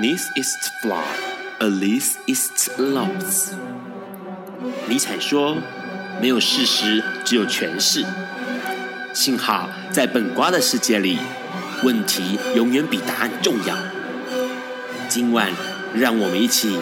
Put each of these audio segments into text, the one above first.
This is flawed. At least it's l o v e s 尼采說：“沒有事實，只有詮釋。”幸好在本瓜的世界裡，問題永遠比答案重要。今晚，讓我們一起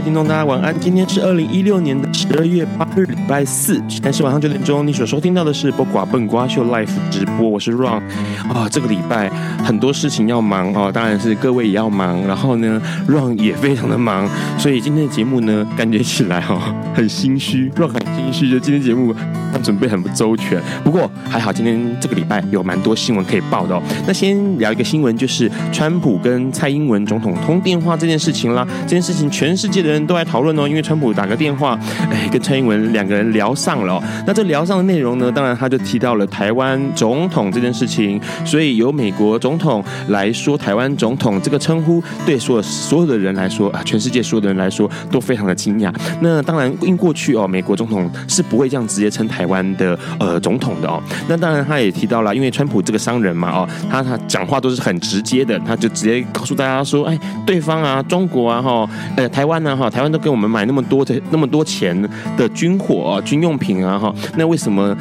聽眾大家晚安，今天是二零一六年的十二月八日，禮拜四，但是晚上九點鐘。你所收聽到的是播瓜笨瓜秀 Life 直播，我是 Ron 啊，這個禮拜很多事情要忙哦，當然是各位也要忙，然後呢，Ron 也非常的忙，所以今天的節目呢，感覺起來哦，很心虛，Ron 很心虛，就今天節目。準備很不周全，不過還好，今天這個禮拜有蠻多新聞可以報的哦。那先聊一個新聞，就是川普跟蔡英文總統通電話這件事情啦。這件事情全世界的人都在討論哦，因為川普打個電話，哎，跟蔡英文兩個人聊上了哦。那這聊上的內容呢，當然他就提到了台灣總統這件事情，所以由美國總統來說台灣總統這個稱呼，對所有所有的人來說啊，全世界所有的人來說都非常的驚訝。那當然，因過去哦，美國總統是不會這樣直接稱台灣灣的呃總統的哦，那當然他也提到了，因為川普這個商人嘛哦，他他講話都是很直接的，他就直接告訴大家說，哎，對方啊，中國啊哈，呃，台灣啊哈，台灣都給我們買那麼多的那麼多錢的軍火啊，軍用品啊哈，那為什麼？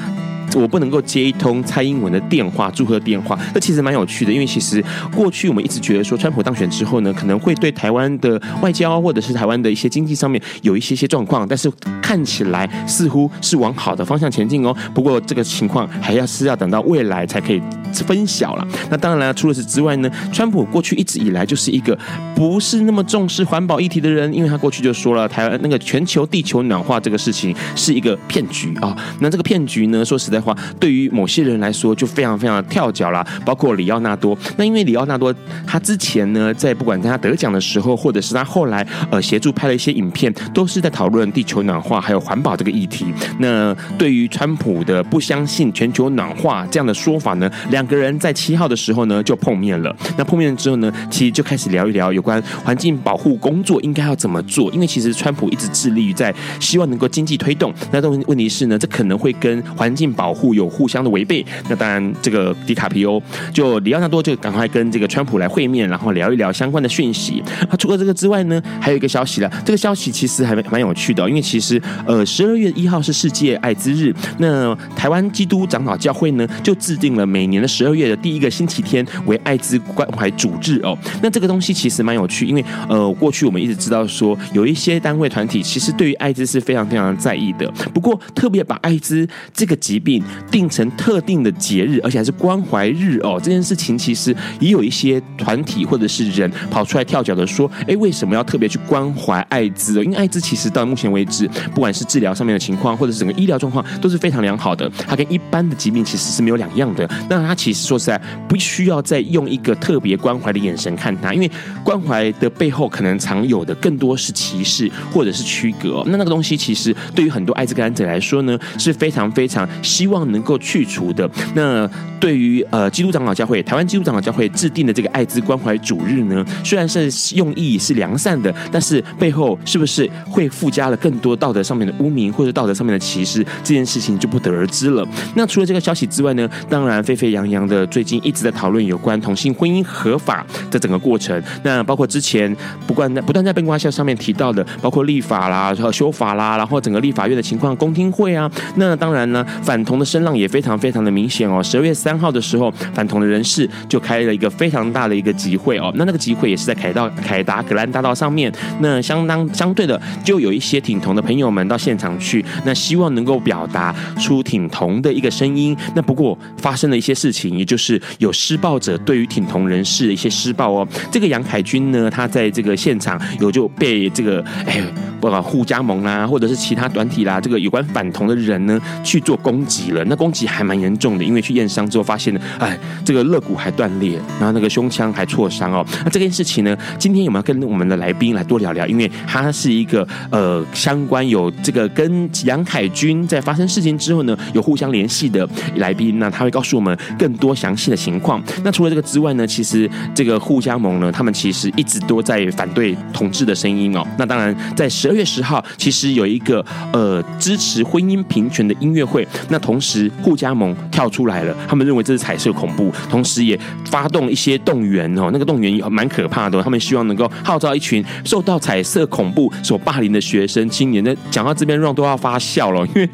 我不能夠接一通蔡英文的電話，祝賀電話。那其實蠻有趣的，因為其實過去我們一直覺得說，川普當選之後呢，可能會對台灣的外交或者是台灣的一些經濟上面有一些些狀況，但是看起來似乎是往好的方向前進哦。不過這個情況還要是要等到未來才可以分曉了。那當然了、啊，除此之外呢，川普過去一直以來就是一個不是那麼重視環保議題的人，因為他過去就說了，台灣那個全球地球暖化這個事情是一個騙局啊。那這個騙局呢，說實在。話對於某些人來說就非常非常的跳腳啦。包括李奧納多。那因為李奧納多他之前呢，在不管跟他得獎的時候，或者是他後來呃協助拍了一些影片，都是在討論地球暖化還有環保這個議題。那對於川普的不相信全球暖化這樣的說法呢，兩個人在七號的時候呢就碰面了。那碰面之後呢，其實就開始聊一聊有關環境保護工作應該要怎麼做，因為其實川普一直致力於在希望能夠經濟推動，那但問題是呢，這可能會跟環境保。保護有互相的違背，那當然，這個迪卡皮歐，就李奧納多就趕快跟這個川普來會面，然後聊一聊相關的訊息。啊，除了這個之外呢，還有一個消息了。這個消息其實還蠻有趣的哦，因為其實呃，十二月一號是世界艾滋日，那台灣基督長老教會呢就制定了每年的十二月的第一個星期天為艾滋關懷主日哦。那這個東西其實蠻有趣，因為呃，過去我們一直知道說有一些單位團體其實對於艾滋是非常非常在意的，不過特別把艾滋這個疾病。定成特定的節日，而且還是關懷日哦。這件事情其實也有一些團體或者是人跑出來跳腳的說：“哎，為什麼要特別去關懷艾滋？因為艾滋其實到目前為止，不管是治療上面的情況，或者是整個醫療狀況，都是非常良好的。它跟一般的疾病其實是沒有兩樣的。那它其實說實在，不需要再用一個特別關懷的眼神看它，因為關懷的背後可能常有的更多是歧視或者是區隔哦。那那個東西其實對於很多艾滋感染者來說呢，是非常非常希望。希望能夠去除的。那對於呃基督長老教會台灣基督長老教會制定的這個愛滋關懷主日呢，雖然是用意是良善的，但是背後是不是會附加了更多道德上面的污名，或者道德上面的歧視，這件事情就不得而知了。那除了這個消息之外呢，當然沸沸揚揚的最近一直在討論有關同性婚姻合法的整個過程，那包括之前不慣在不斷在八卦下上面提到的，包括立法啦、修法啦，然後整個立法院的情況、公聽會啊，那當然呢反同的聲浪也非常非常的明顯哦。十二月三號的時候，反同的人士就開了一個非常大的一個集會哦。那那個集會也是在凱道凱達格蘭大道上面。那相當相對的，就有一些挺同的朋友們到現場去，那希望能夠表達出挺同的一個聲音。那不過發生了一些事情，也就是有施暴者對於挺同人士的一些施暴哦。這個楊凱軍呢，他在這個現場有就被這個哎不管護家盟啦、啊，或者是其他團體啦，這個有關反同的人呢去做攻擊。那攻擊還蠻嚴重的，因為去驗傷之後發現呢，哎，這個肋骨還斷裂，然後那個胸腔還挫傷哦。那這件事情呢，今天有沒有跟我們的來賓來多聊聊？因為他是一個呃，相關有這個跟楊海軍在發生事情之後呢，有互相聯繫的來賓，那他會告訴我們更多詳細的情況。那除了這個之外呢，其實這個護家盟呢，他們其實一直都在反對同志的聲音哦。那當然，在十二月十號，其實有一個呃支持婚姻平權的音樂會，那。同時，護家盟跳出來了，他們認為這是彩色恐怖，同時也發動一些動員哦。那個動員也蠻可怕的，他們希望能夠號召一群受到彩色恐怖所霸凌的學生青年。那講到這邊，讓都要發笑了，因為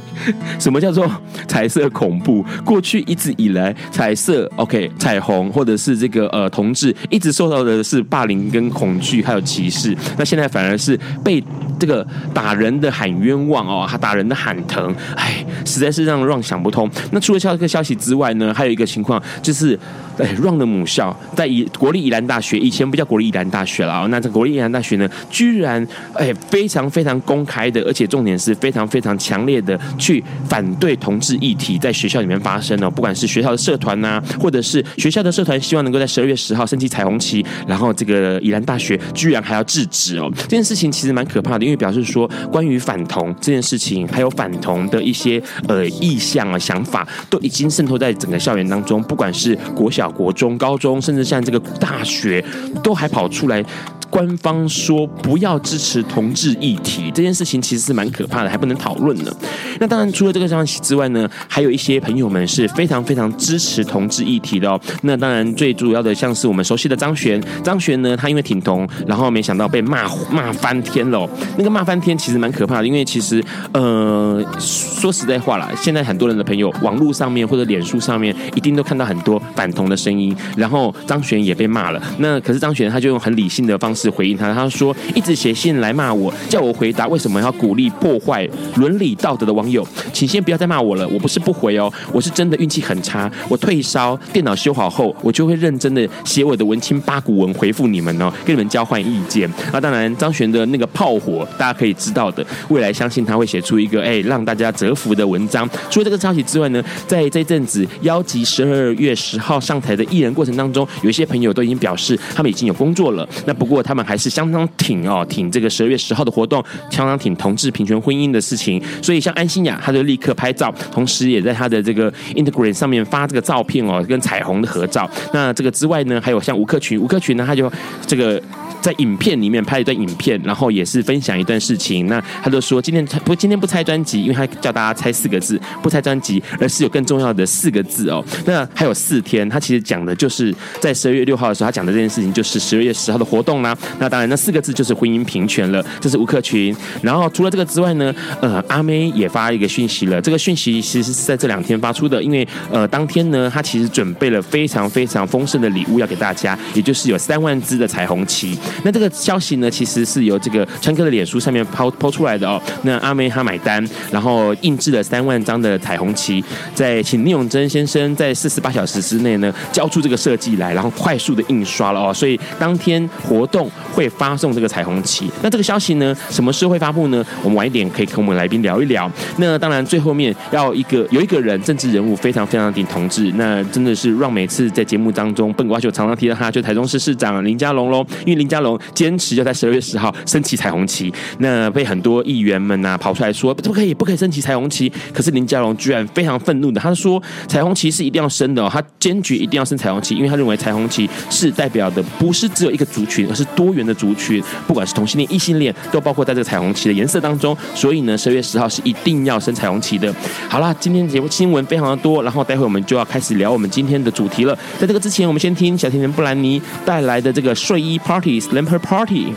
什麼叫做彩色恐怖？過去一直以來，彩色 OK 彩虹或者是這個呃同志，一直受到的是霸凌跟恐懼還有歧視。那現在反而是被這個打人的喊冤枉哦，還打人的喊疼，哎，實在是讓讓。想不通。那除了這個消息之外呢，還有一個情況就是。哎 Run 的母校在以國立宜蘭大學，以前不叫國立宜蘭大學了啊，哦。那這個國立宜蘭大學呢，居然哎非常非常公開的，而且重點是非常非常強烈的去反對同志議題在學校裡面發生哦。不管是學校的社團吶、啊，或者是學校的社團，希望能夠在十二月十號升起彩虹旗，然後這個宜蘭大學居然還要制止哦。這件事情其實蠻可怕的，因為表示說，關於反同這件事情，還有反同的一些呃意向啊想法，都已經滲透在整個校園當中，不管是國小。國中、高中，甚至像這個大學，都還跑出來，官方說不要支持同志議題這件事情，其實是蠻可怕的，還不能討論呢。那當然，除了這個消息之外呢，還有一些朋友們是非常非常支持同志議題的哦。那當然，最主要的像是我們熟悉的張懸，張懸呢，他因為挺同，然後沒想到被罵罵翻天了哦。那個罵翻天其實蠻可怕的，因為其實呃，說實在話啦，現在很多人的朋友，網絡上面或者臉書上面，一定都看到很多反同的。聲音，然後張懸也被罵了。那可是張懸，他就用很理性的方式回應他。他說：“一直寫信來罵我，叫我回答，為什麼要鼓勵破壞倫理道德的網友？請先不要再罵我了。我不是不回哦，我是真的運氣很差。我退燒，電腦修好後，我就會認真的寫我的文青八股文回覆你們哦，跟你們交換意見。那當然，張懸的那個炮火，大家可以知道的。未來相信他會寫出一個哎讓大家折服的文章。除了這個消息之外呢，在這陣子，邀集十二月十號上。”在的藝人過程當中，有一些朋友都已經表示他們已經有工作了。那不過他們還是相當挺哦，挺這個十二月十號的活動，相當挺同志、平權、婚姻的事情。所以像安心亞，她就立刻拍照，同時也在她的這個 Instagram 上面發這個照片哦，跟彩虹的合照。那這個之外呢，還有像吳克群，吳克群呢，他就這個在影片裡面拍一段影片，然後也是分享一段事情。那他就說今天不今天不拆專輯，因為他叫大家猜四個字，不拆專輯，而是有更重要的四個字哦。那還有四天，他其實。講的就是在十二月六號的時候，他講的這件事情就是十二月十號的活動啦、啊。那當然，那四個字就是婚姻平權了。這是吳克群。然後除了這個之外呢，呃，阿妹也發一個訊息了。這個訊息其實是在這兩天發出的，因為呃，當天呢，他其實準備了非常非常豐盛的禮物要給大家，也就是有三萬隻的彩虹旗。那這個消息呢，其實是由這個川哥的臉書上面拋拋出來的哦。那阿妹她買單，然後印製了三萬張的彩虹旗，在請聶永珍先生在四十八小時之內呢。交出這個設計來，然後快速的印刷了哦，所以當天活動會發送這個彩虹旗。那這個消息呢，什麼時候會發布呢？我們晚一點可以跟我們來賓聊一聊。那當然最後面要一個有一個人，政治人物非常非常挺同志，那真的是讓每次在節目當中，笨瓜秀常常提到他，就是、台中市市長林佳龍咯。因為林佳龍堅持要在十二月十號升起彩虹旗，那被很多議員們吶、啊、跑出來說不可以，不可以升起彩虹旗。可是林佳龍居然非常憤怒的他說，彩虹旗是一定要升的、哦，他堅決。一定要升彩虹旗，因為他認為彩虹旗是代表的，不是只有一個族群，而是多元的族群，不管是同性戀、異性戀，都包括在這個彩虹旗的顏色當中。所以呢，十月十號是一定要升彩虹旗的。好啦，今天的節目新聞非常的多，然後待會我們就要開始聊我們今天的主題了。在這個之前，我們先聽小甜甜布蘭妮帶來的這個睡衣 party slumber party。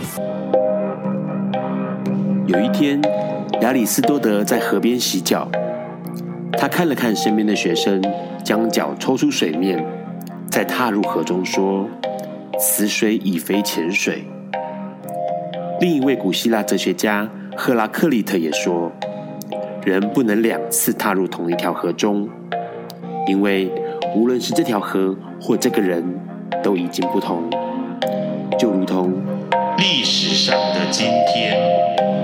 有一天，亞里斯多德在河邊洗腳，他看了看身邊的學生，將腳抽出水面。在踏入河中說：“此水已非前水。”另一位古希臘哲學家赫拉克利特也說：“人不能兩次踏入同一條河中，因為無論是這條河或這個人，都已經不同。”就如同歷史上的今天。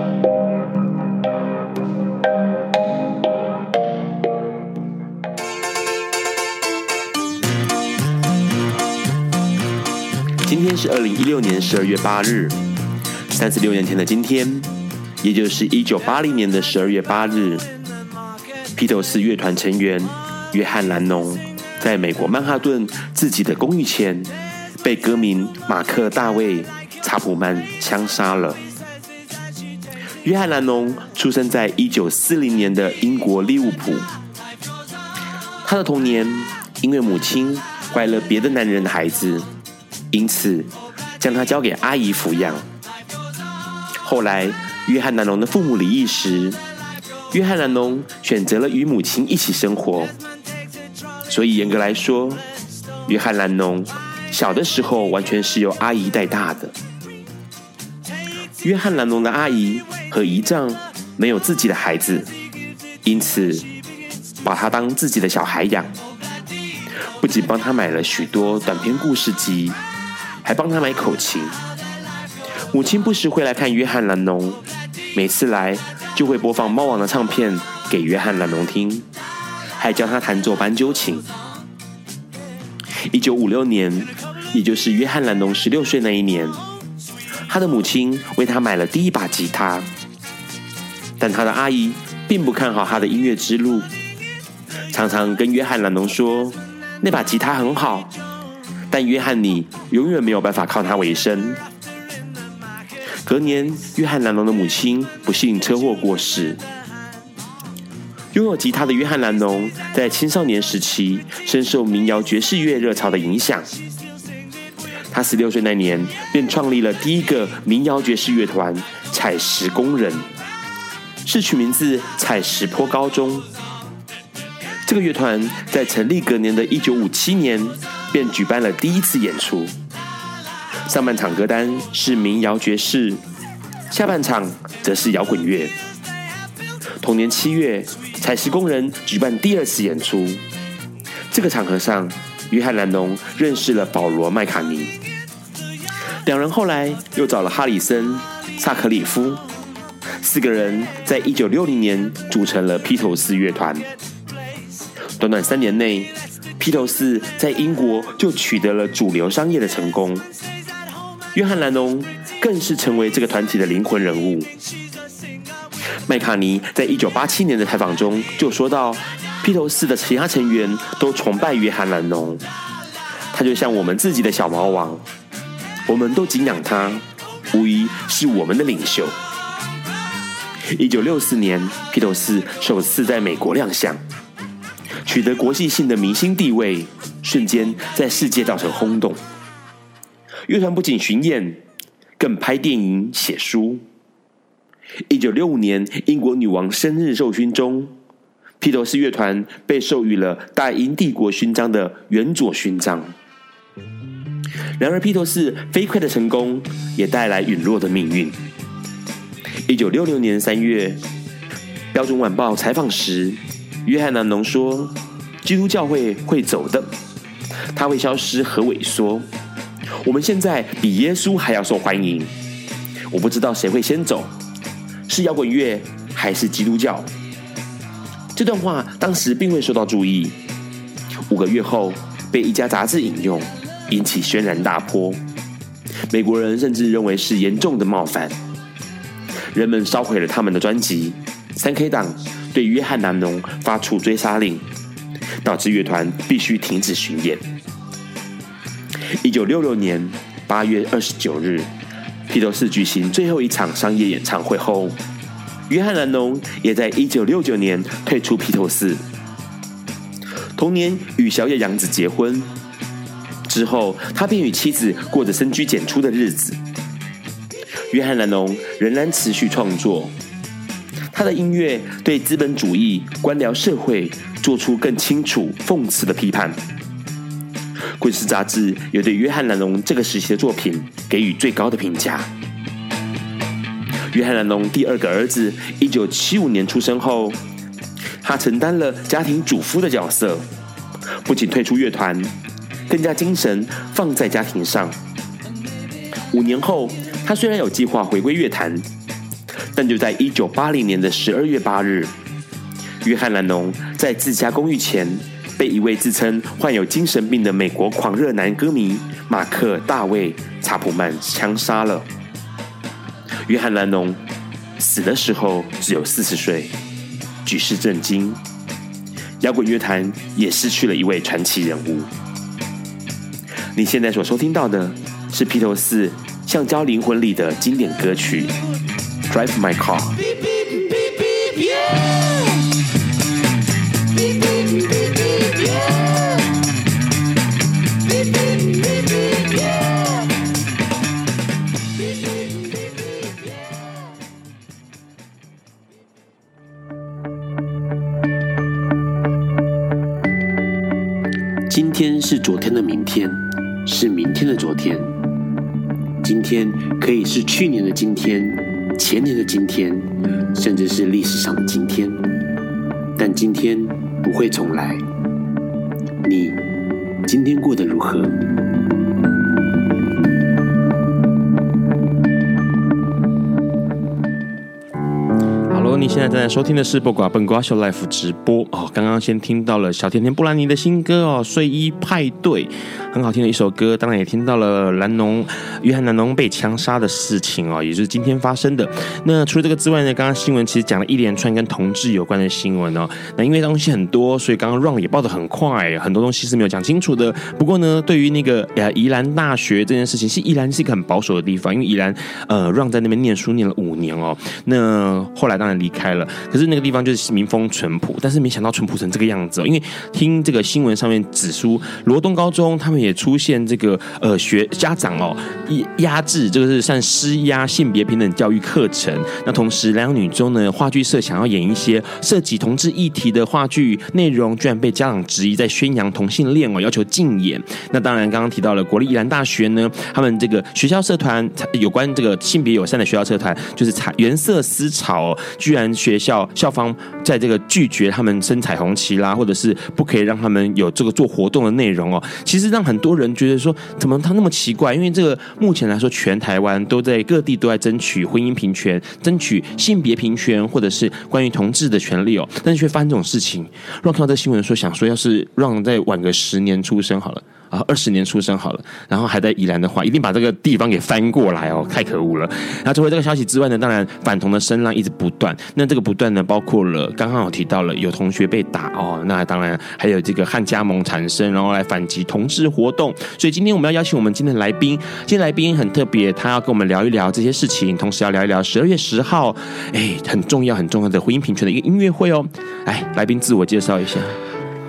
今天是二零一六年十二月八日，三十六年前的今天，也就是一九八零年的十二月八日，披頭士樂團成員約翰·蘭農在美國曼哈頓自己的公寓前被歌迷馬克·大衛·查普曼槍殺了。約翰·蘭農出生在一九四零年的英國利物浦，他的童年因為母親懷了別的男人的孩子。因此，將他交給阿姨撫養。後來，約翰·藍儂的父母離異時，約翰·藍儂選擇了與母親一起生活。所以，嚴格來說，約翰·藍儂小的時候完全是由阿姨帶大的。約翰·藍儂的阿姨和姨丈沒有自己的孩子，因此把他當自己的小孩養，不僅幫他買了許多短篇故事集，還幫他買口琴。母親不時會來看約翰·蘭儂，每次來就會播放《貓王》的唱片給約翰·蘭儂聽，還教他彈奏班鳩琴。一九五六年，也就是約翰·蘭儂十六歲那一年，他的母親為他買了第一把吉他，但他的阿姨並不看好他的音樂之路，常常跟約翰·蘭儂說：“那把吉他很好。”但約翰尼永遠沒有辦法靠他為生。隔年，約翰·藍儂的母親不幸車禍過世。擁有吉他的約翰·藍儂，在青少年時期深受民謠爵士樂熱潮的影響。他十六歲那年，便創立了第一個民謠爵士樂團——採石工人，是取名字“採石坡高中”。這個樂團在成立隔年的一九五七年。便舉辦了第一次演出，上半場歌單是民謠爵士，下半場則是搖滾樂。同年七月，採石工人舉辦第二次演出，這個場合上，約翰·蘭農認識了保羅·麥卡尼，兩人後來又找了哈里森、薩克里夫，四個人在一九六零年組成了披頭士樂團。短短三年內，披頭四在英國就取得了主流商業的成功，約翰·蘭儂更是成為這個團體的靈魂人物。麥卡尼在一九八七年的採訪中就說到，披頭四的其他成員都崇拜約翰·蘭儂，他就像我們自己的小毛王，我們都敬仰他，無疑是我們的領袖。一九六四年，披頭四首次在美國亮相。取得國際性的明星地位，瞬間在世界造成轟動。樂團不僅巡演，更拍電影、寫書。一九六五年，英國女王生日授勳中，披頭士樂團被授予了大英帝國勳章的員佐勳章。然而，披頭士飛快的成功也帶來隕落的命運。一九六六年三月，《標準晚報》採訪時，約翰·南農說：“基督教會會走的，它會消失和萎縮。我們現在比耶穌還要受歡迎。我不知道誰會先走，是搖滾樂還是基督教？”這段話當時並未受到注意，五個月後被一家雜志引用，引起軒然大波。美國人甚至認為是嚴重的冒犯，人們燒毀了他們的專輯。三 K 黨。對約翰·蘭儂發出追殺令，導致樂團必須停止巡演。一九六六年八月二十九日，披頭士舉行最後一場商業演唱會後，約翰·蘭儂也在一九六九年退出披頭士。同年與小野洋子結婚之後，他便與妻子過着深居簡出的日子。約翰·蘭儂仍然持續創作。他的音樂對資本主義官僚社會做出更清楚諷刺的批判。《滾石》雜誌也對約翰·藍儂這個時期的作品給予最高的評價。約翰·藍儂第二個兒子一九七五年出生後，他承擔了家庭主夫的角色，不僅退出樂團，更將精神放在家庭上。五年後，他雖然有計劃回歸樂壇。但就在一九八零年的十二月八日，約翰·蘭儂在自家公寓前被一位自稱患有精神病的美國狂熱男歌迷馬克·大衛·查普曼槍殺了。約翰·蘭儂死的時候只有四十歲，舉世震驚，搖滾樂壇也失去了一位傳奇人物。你現在所收聽到的是披頭四《橡膠靈魂》裡的經典歌曲。drive my car 今天是昨天的明天，是明天的昨天。今天可以是去年的今天。前年的今天，甚至是歷史上的今天，但今天不會重來。你今天過得如何？現在正在收聽的是不《不瓜本瓜秀》life 直播哦。剛剛先聽到了小甜甜布蘭妮的新歌哦，《睡衣派對》，很好聽的一首歌。當然也聽到了藍儂，約翰·藍儂被槍殺的事情哦，也就是今天發生的。那除了這個之外呢，剛剛新聞其實講了一連串跟同志有關的新聞哦。那因為東西很多，所以剛剛 RON 也報得很快，很多東西是沒有講清楚的。不過呢，對於那個呃，宜蘭大學這件事情，是宜蘭是一個很保守的地方，因為宜蘭呃 RON 在那邊念書念了五年哦。那後來當然離。開了，可是那個地方就是民風淳樸，但是沒想到淳樸成這個樣子哦。因為聽這個新聞上面指出，羅東高中他們也出現這個呃學家長哦，壓壓制這個是算施壓性別平等教育課程。那同時，兩女中呢話劇社想要演一些涉及同志議題的話劇內容，居然被家長質疑在宣揚同性戀哦，要求禁演。那當然，剛剛提到了國立宜蘭大學呢，他們這個學校社團有關這個性別友善的學校社團，就是彩原色思潮，哦，居然。學校校方在這個拒絕他們升彩虹旗啦，或者是不可以讓他們有這個做活動的內容哦，其實讓很多人覺得說，怎麼他那麼奇怪？因為這個目前來說，全台灣都在各地都在爭取婚姻平權、爭取性別平權，或者是關於同志的權利哦，但是卻發生這種事情。讓看到這新聞說，說想說，要是讓再晚個十年出生好了。二十年出生好了，然後還在宜蘭的話，一定把這個地方給翻過來哦！太可惡了。那除了這個消息之外呢，當然反同的聲浪一直不斷。那這個不斷呢，包括了剛剛我提到了有同學被打哦，那當然還有這個護家盟產生，然後來反擊同志活動。所以今天我們要邀請我們今天的來賓，今天來賓很特別，他要跟我們聊一聊這些事情，同時要聊一聊十二月十號，哎，很重要很重要的婚姻平權的一個音樂會哦。哎，來賓自我介紹一下。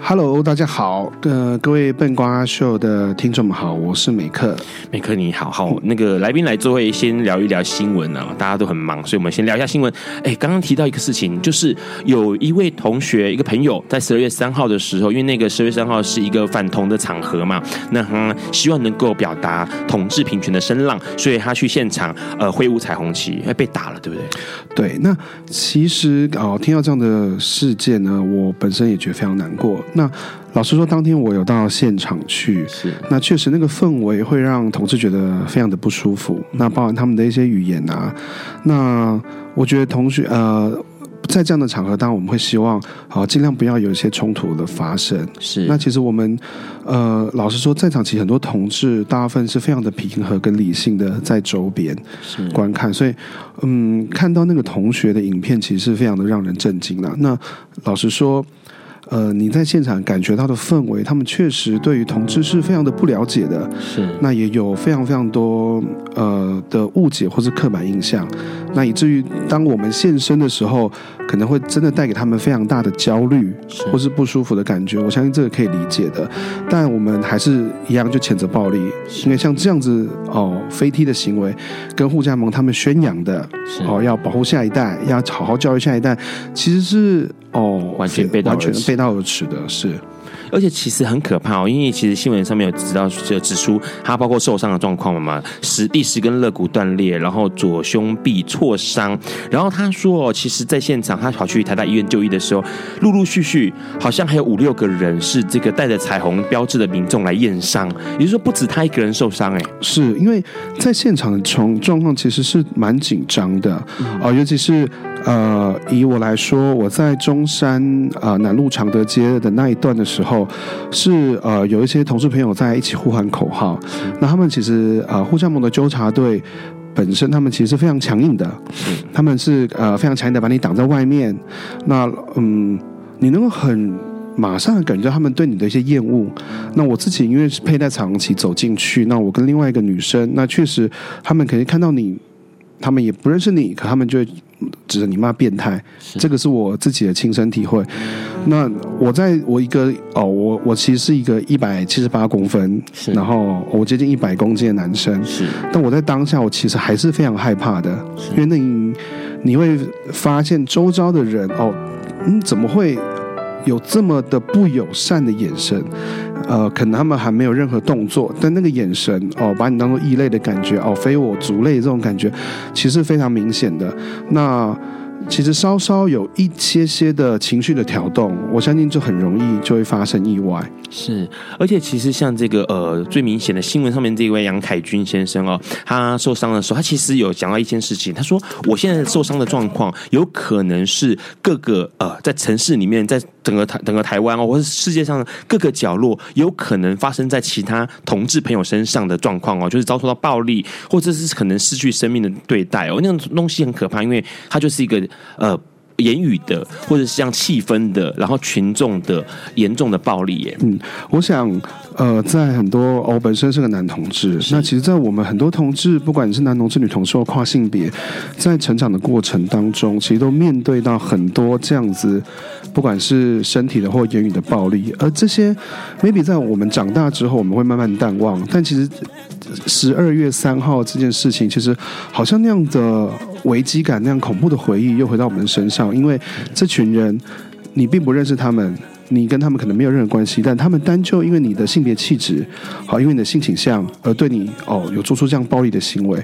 Hello，大家好，呃，各位笨瓜秀的聽眾們好，我是美克。美克你好，好，那個來賓來之後，先聊一聊新聞呢、哦。大家都很忙，所以我們先聊一下新聞。哎，剛剛提到一個事情，就是有一位同學，一個朋友，在十二月三號的時候，因為那個十二月三號是一個反同的場合嘛，那他希望能夠表達同志平權的聲浪，所以他去現場呃揮舞彩虹旗，被打了，對不對？對，那其實啊、哦，聽到這樣的事件呢，我本身也覺得非常難過。那老實說，當天我有到現場去，是的那確實那個氛圍會讓同志覺得非常的不舒服。那包含他們的一些語言吶、啊，那我覺得同學呃，在這樣的場合當然我們會希望好，呃，儘量不要有一些衝突的發生。是的那其實我們呃，老實說，在場其實很多同志大部分是非常的平和跟理性的，在周邊觀看，的所以嗯，看到那個同學的影片，其實是非常的讓人震驚的、啊。那老實說。呃，你在現場感覺到的氛圍，他們確實對於同志是非常的不了解的，是。那也有非常非常多呃的誤解或是刻板印象，那以至於當我們現身的時候。可能會真的帶給他們非常大的焦慮，或是不舒服的感覺。是我相信這個可以理解的，但我們還是一樣就譴責暴力，是因為像這樣子哦飛踢的行為，跟護家盟他們宣揚的是哦要保護下一代，要好好教育下一代，其實是哦完全完全背道而馳的，是。而且其實很可怕哦，因為其實新聞上面有知道就指出，他包括受傷的狀況嘛，十第十根肋骨斷裂，然後左胸壁挫傷，然後他說哦，其實在現場他跑去台大醫院就醫的時候，陸陸續續好像還有五六個人是這個帶着彩虹標誌的民眾來驗傷，也就是說不止他一個人受傷哎，是因為在現場的狀狀況其實是蠻緊張的啊、嗯呃，尤其是。呃，以我來說，我在中山啊、呃、南路常德街的那一段的時候，是呃有一些同事朋友在一起呼喊口號。嗯、那他們其實呃護家盟的糾察隊本身他們其實是非常強硬的，嗯、他們是呃非常強硬的把你擋在外面。那嗯，你能夠很馬上感覺到他們對你的一些厭惡。那我自己因為是佩戴彩虹旗走進去，那我跟另外一個女生，那確實他們肯定看到你，他們也不認識你，可他們就指着你罵變態，是這個是我自己的親身體會。嗯、那我在我一個哦，我我其實是一個一百七十八公分，是然後我接近一百公斤的男生。是但我在當下，我其實還是非常害怕的，是因為那你你會發現周遭的人哦、嗯，怎麼會有這麼的不友善的眼神？呃，可能他們還沒有任何動作，但那個眼神哦，把你當做異類的感覺哦，非我族類這種感覺，其實非常明顯的。那。其實稍稍有一些些的情緒的調動，我相信就很容易就會發生意外。是，而且其實像這個呃最明顯的新聞上面這一位楊凱軍先生哦，他受傷的時候，他其實有講到一件事情，他說我現在受傷的狀況，有可能是各個呃在城市裡面，在整個台整個台灣哦，或是世界上各個角落，有可能發生在其他同志朋友身上的狀況哦，就是遭受到暴力或者是可能失去生命的對待哦，那種東西很可怕，因為他就是一個。呃，言語的，或者是像氣氛的，然後群眾的嚴重的暴力耶。嗯，我想，呃，在很多，我本身是個男同志，是那其實，在我們很多同志，不管你是男同志、女同志或跨性別，在成長的過程當中，其實都面對到很多這樣子，不管是身體的或言語的暴力，而這些，maybe 在我們長大之後，我們會慢慢淡忘。但其實，十二月三號這件事情，其實好像那樣的。危機感那樣恐怖的回憶又回到我們身上，因為這群人，你並不認識他們，你跟他們可能沒有任何關係，但他們單就因為你的性別氣質，好，因為你的性傾向而對你哦有做出這樣暴力的行為，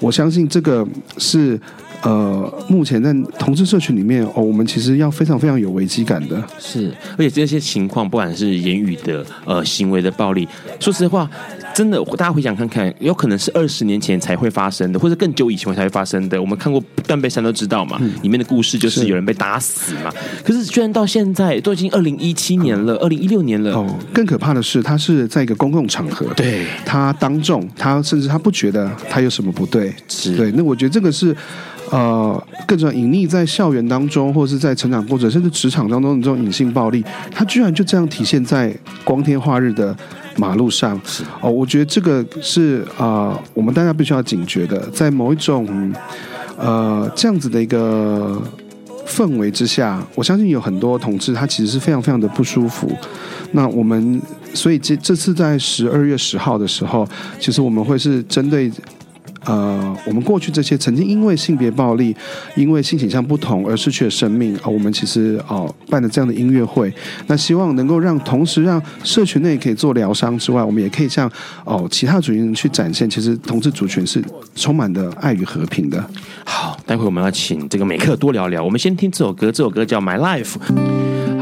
我相信這個是。呃，目前在同志社群裡面，哦，我們其實要非常非常有危機感的。是，而且這些情況，不管是言語的、呃，行為的暴力，說實話，真的，大家回想看看，有可能是二十年前才會發生的，或者更久以前才會發生的。我們看過《斷背山》都知道嘛，嗯、裡面的故事就是有人被打死嘛。是。可是，居然到現在都已經二零一七年了，二零一六年了。哦，更可怕的是，他是在一個公共場合，對，他當眾，他甚至他不覺得他有什麼不對，是，對。那我覺得這個是。呃，各種隱匿在校園當中，或者是在成長過程，甚至職場當中的這種隱性暴力，它居然就這樣體現在光天化日的馬路上。哦、呃，我覺得這個是啊、呃，我們大家必須要警覺的，在某一種呃這樣子的一個氛圍之下，我相信有很多同志他其實是非常非常的不舒服。那我們所以這這次在十二月十號的時候，其實我們會是針對。呃，我們過去這些曾經因為性別暴力、因為性傾向不同而失去了生命，而、呃、我們其實哦、呃、辦了這樣的音樂會，那希望能夠讓同時讓社群內可以做療傷之外，我們也可以向哦、呃、其他族群去展現，其實同志族群是充滿的愛與和平的。好，待會我們要請這個美克多聊聊，我們先聽這首歌，這首歌叫《My Life》。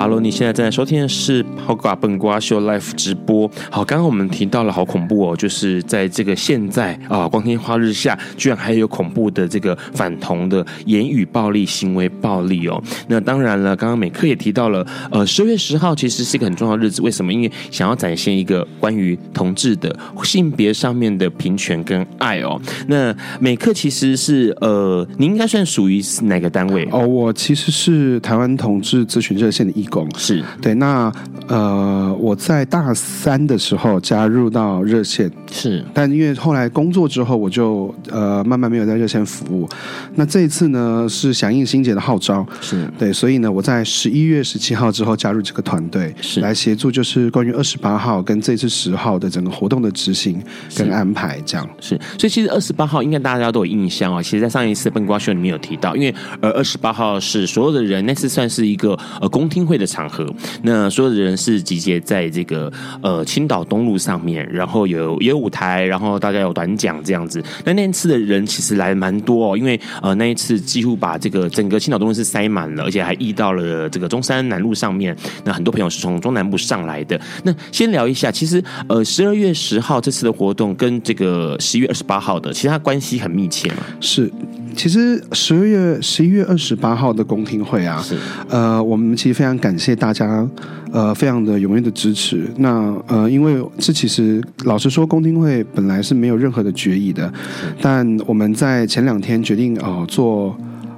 Hello，你現在正在收聽的是《泡瓜本瓜 Show Life 直播。好，剛剛我們提到了好恐怖哦，就是在這個現在啊、呃，光天化日下，居然還有恐怖的這個反同的言語暴力、行為暴力哦。那當然了，剛剛美克也提到了，呃，十二月十號其實是一個很重要的日子，為什麼？因為想要展現一個關於同志的性別上面的平權跟愛哦。那美克其實是呃，你應該算屬於哪個單位哦、呃？我其實是台灣同志諮詢熱線的一。是對，那呃，我在大三的時候加入到熱線，是，但因為後來工作之後，我就呃慢慢沒有在熱線服務。那這一次呢，是響應欣姐的號召，是對，所以呢，我在十一月十七號之後加入這個團隊，是來協助，就是關於二十八號跟這次十號的整個活動的執行跟安排，這樣是，是。所以其實二十八號應該大家都有印象啊、哦，其實，在上一次本瓜秀裡面有提到，因為呃二十八號是所有的人那次算是一個呃公聽會。會的場合，那所有的人是集結在這個呃青島東路上面，然後有有舞台，然後大家有短講這樣子。那那一次的人其實來的蠻多哦，因為呃那一次幾乎把這個整個青島東路是塞滿了，而且還溢到了這個中山南路上面。那很多朋友是從中南部上來的。那先聊一下，其實呃十二月十號這次的活動跟這個十一月二十八號的，其實它關係很密切啊嘛？是，其實十二月十一月二十八號的公聽會啊，是呃我們其實非常。感謝大家，呃，非常的踴躍的支持。那呃，因為這其實老實說，公聽會本來是沒有任何的決議的，嗯、但我們在前兩天決定呃做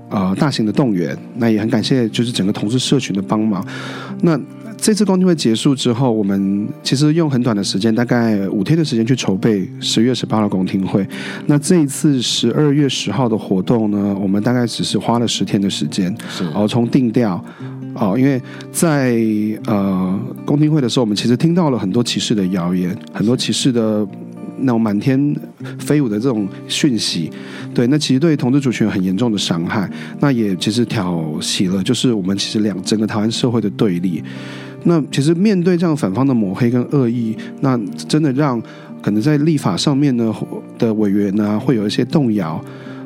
呃大型的動員。那也很感謝就是整個同志社群的幫忙。那這次公聽會結束之後，我們其實用很短的時間，大概五天的時間去籌備十月十八的公聽會。那這一次十二月十號的活動呢，我們大概只是花了十天的時間，然後的、呃、從定調。哦，因為在呃公聽會的時候，我們其實聽到了很多歧視的謠言，很多歧視的那種滿天飛舞的這種訊息，對，那其實對同志族群有很嚴重的傷害，那也其實挑起了就是我們其實兩整個台灣社會的對立。那其實面對這樣反方的抹黑跟惡意，那真的讓可能在立法上面呢的委員呢會有一些動搖。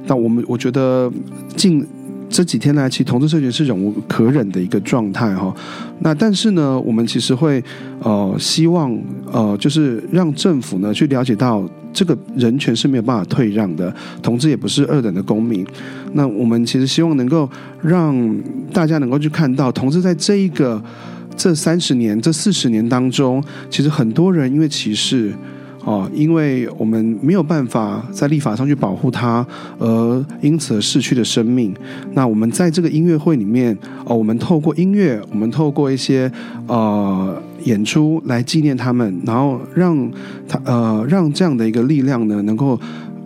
那我們我覺得近。這幾天來，其實同志社群是忍無可忍的一個狀態哈。那但是呢，我們其實會呃希望呃就是讓政府呢去了解到，這個人權是沒有辦法退讓的，同志也不是二等的公民。那我們其實希望能夠讓大家能夠去看到，同志在這一個這三十年這四十年當中，其實很多人因為歧視。哦，因為我們沒有辦法在立法上去保護他，而因此而逝去的生命。那我們在這個音樂會裡面，哦，我們透過音樂，我們透過一些呃演出來紀念他們，然後讓他呃讓這樣的一個力量呢，能夠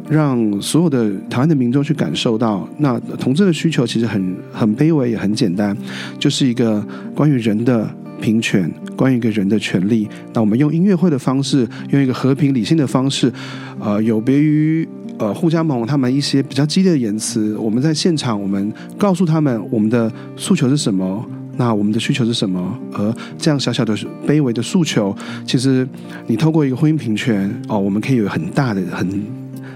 讓所有的台灣的民眾去感受到。那同志的需求其實很很卑微，也很簡單，就是一個關於人的。平權，關於一個人的權利，那我們用音樂會的方式，用一個和平理性的方式，呃，有別於呃，護家盟他們一些比較激烈的言辭，我們在現場，我們告訴他們我們的訴求是什麼，那我們的需求是什麼？而這樣小小的卑微的訴求，其實你透過一個婚姻平權哦、呃，我們可以有很大的很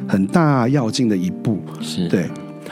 很大躍進的一步，是對。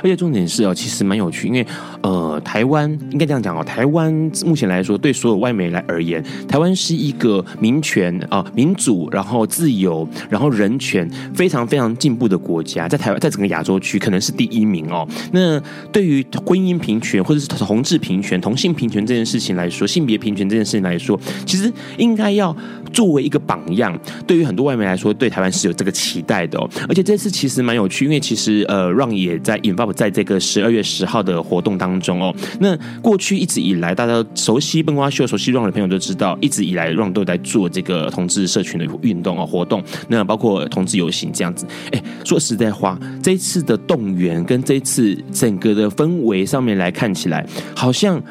而且重點是哦，其實蠻有趣，因為呃，台灣應該這樣講哦，台灣目前來說，對所有外媒來而言，台灣是一個民權啊、呃、民主、然後自由、然後人權非常非常進步的國家，在台灣在整個亞洲區可能是第一名哦。那對於婚姻平權或者是同志平權、同性平權這件事情來說，性別平權這件事情來說，其實應該要作為一個榜樣，對於很多外媒來說，對台灣是有這個期待的哦。而且這次其實蠻有趣，因為其實呃，讓也在引發。在這個十二月十號的活動當中哦，那過去一直以來大家都熟悉奔瓜秀、熟悉 Run 的朋友都知道，一直以來 Run 都在做這個同志社群的運動啊、哦、活動，那包括同志遊行這樣子。哎，說實在話，這次的動員跟這次整個的氛圍上面來看起來，好像。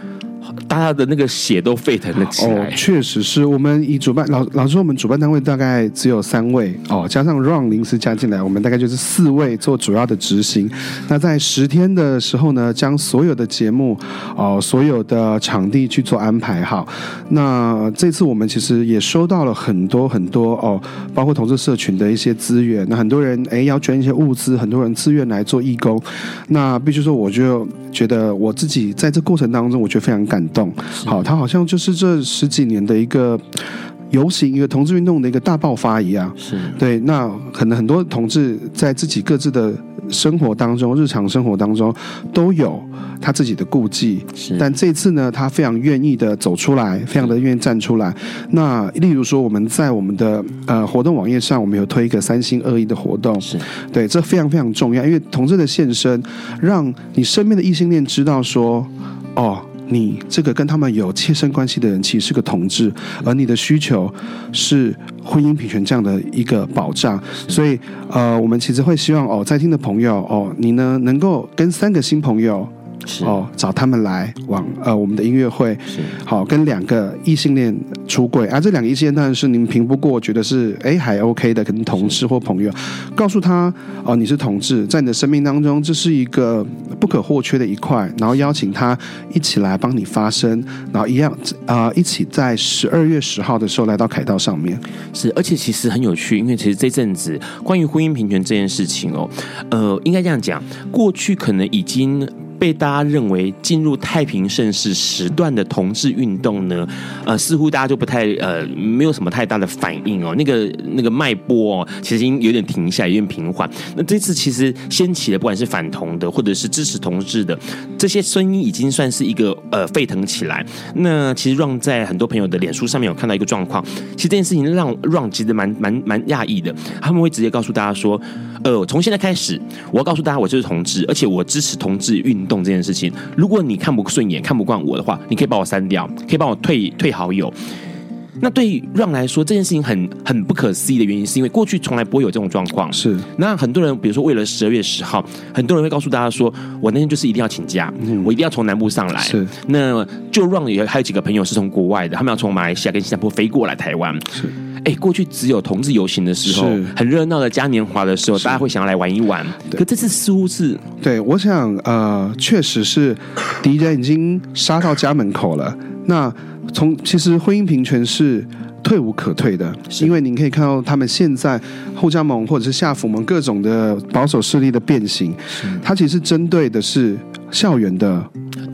大家的那個血都沸騰了起來。哦，確實是我們以主辦老老師說，我們主辦單位大概只有三位哦，加上 Ron 臨時加進來，我們大概就是四位做主要的執行。那在十天的時候呢，將所有的節目哦，所有的場地去做安排哈。那這次我們其實也收到了很多很多哦，包括同志社群的一些資源。那很多人哎要捐一些物資，很多人自願來做義工。那必須說，我就覺得我自己在這過程當中，我覺得非常感。動。是好，他好像就是這十幾年的一個遊行，一個同志運動的一個大爆發一樣。是，對。那可能很多同志在自己各自的生活當中、日常生活當中都有他自己的顧忌，是但這次呢，他非常願意的走出來，非常的願意站出來。那例如說，我們在我們的呃活動網頁上，我們有推一個三心二意的活動。是，對，這非常非常重要，因為同志的現身，讓你身邊的異性戀知道說，哦。你這個跟他們有切身關係的人，其實是個同志，而你的需求是婚姻平權這樣的一個保障，的所以呃，我們其實會希望哦，在聽的朋友哦，你呢能夠跟三個新朋友。是哦，找他們來往，呃，我們的音樂會，是好，跟兩個異性戀出櫃啊，這兩個異性戀當然是你們平不過，覺得是哎還 OK 的，跟同事或朋友是告訴他哦、呃，你是同志，在你的生命當中這是一個不可或缺的一塊，然後邀請他一起來幫你發聲，然後一樣啊、呃，一起在十二月十號的時候來到凱道上面。是，而且其實很有趣，因為其實這陣子關於婚姻平權這件事情哦，呃，應該這樣講，過去可能已經。被大家認為進入太平盛世時段的同志運動呢，呃，似乎大家就不太呃，沒有什麼太大的反應哦。那個那個脈搏哦，其實已經有點停下，有點平緩。那這次其實掀起的，不管是反同的，或者是支持同志的，這些聲音已經算是一個呃沸騰起來。那其實讓在很多朋友的臉書上面有看到一個狀況，其實這件事情讓讓其實蠻蠻蠻，蠻訝異的。他們會直接告訴大家說，呃，從現在開始，我要告訴大家，我就是同志，而且我支持同志運動。這件事情，如果你看不順眼，看不慣我的話，你可以把我刪掉，可以幫我退退好友。那對於讓來說，這件事情很很不可思議的原因，是因為過去從來不會有這種狀況。是，那很多人，比如說為了十二月十號，很多人會告訴大家說，我那天就是一定要請假，嗯，我一定要從南部上來。是，那就讓有還有幾個朋友是從國外的，他們要從馬來西亞跟新加坡飛過來台灣。是。哎、欸，過去只有同志遊行的時候是很熱鬧的嘉年華的時候，大家會想要來玩一玩。對。可這次似乎是……對，我想呃，確實是敵人已經殺到家門口了。那從其實婚姻平權是退無可退的，是因為你可以看到他們現在護家盟或者是下福盟各種的保守勢力的變形，是它其實針對的是校園的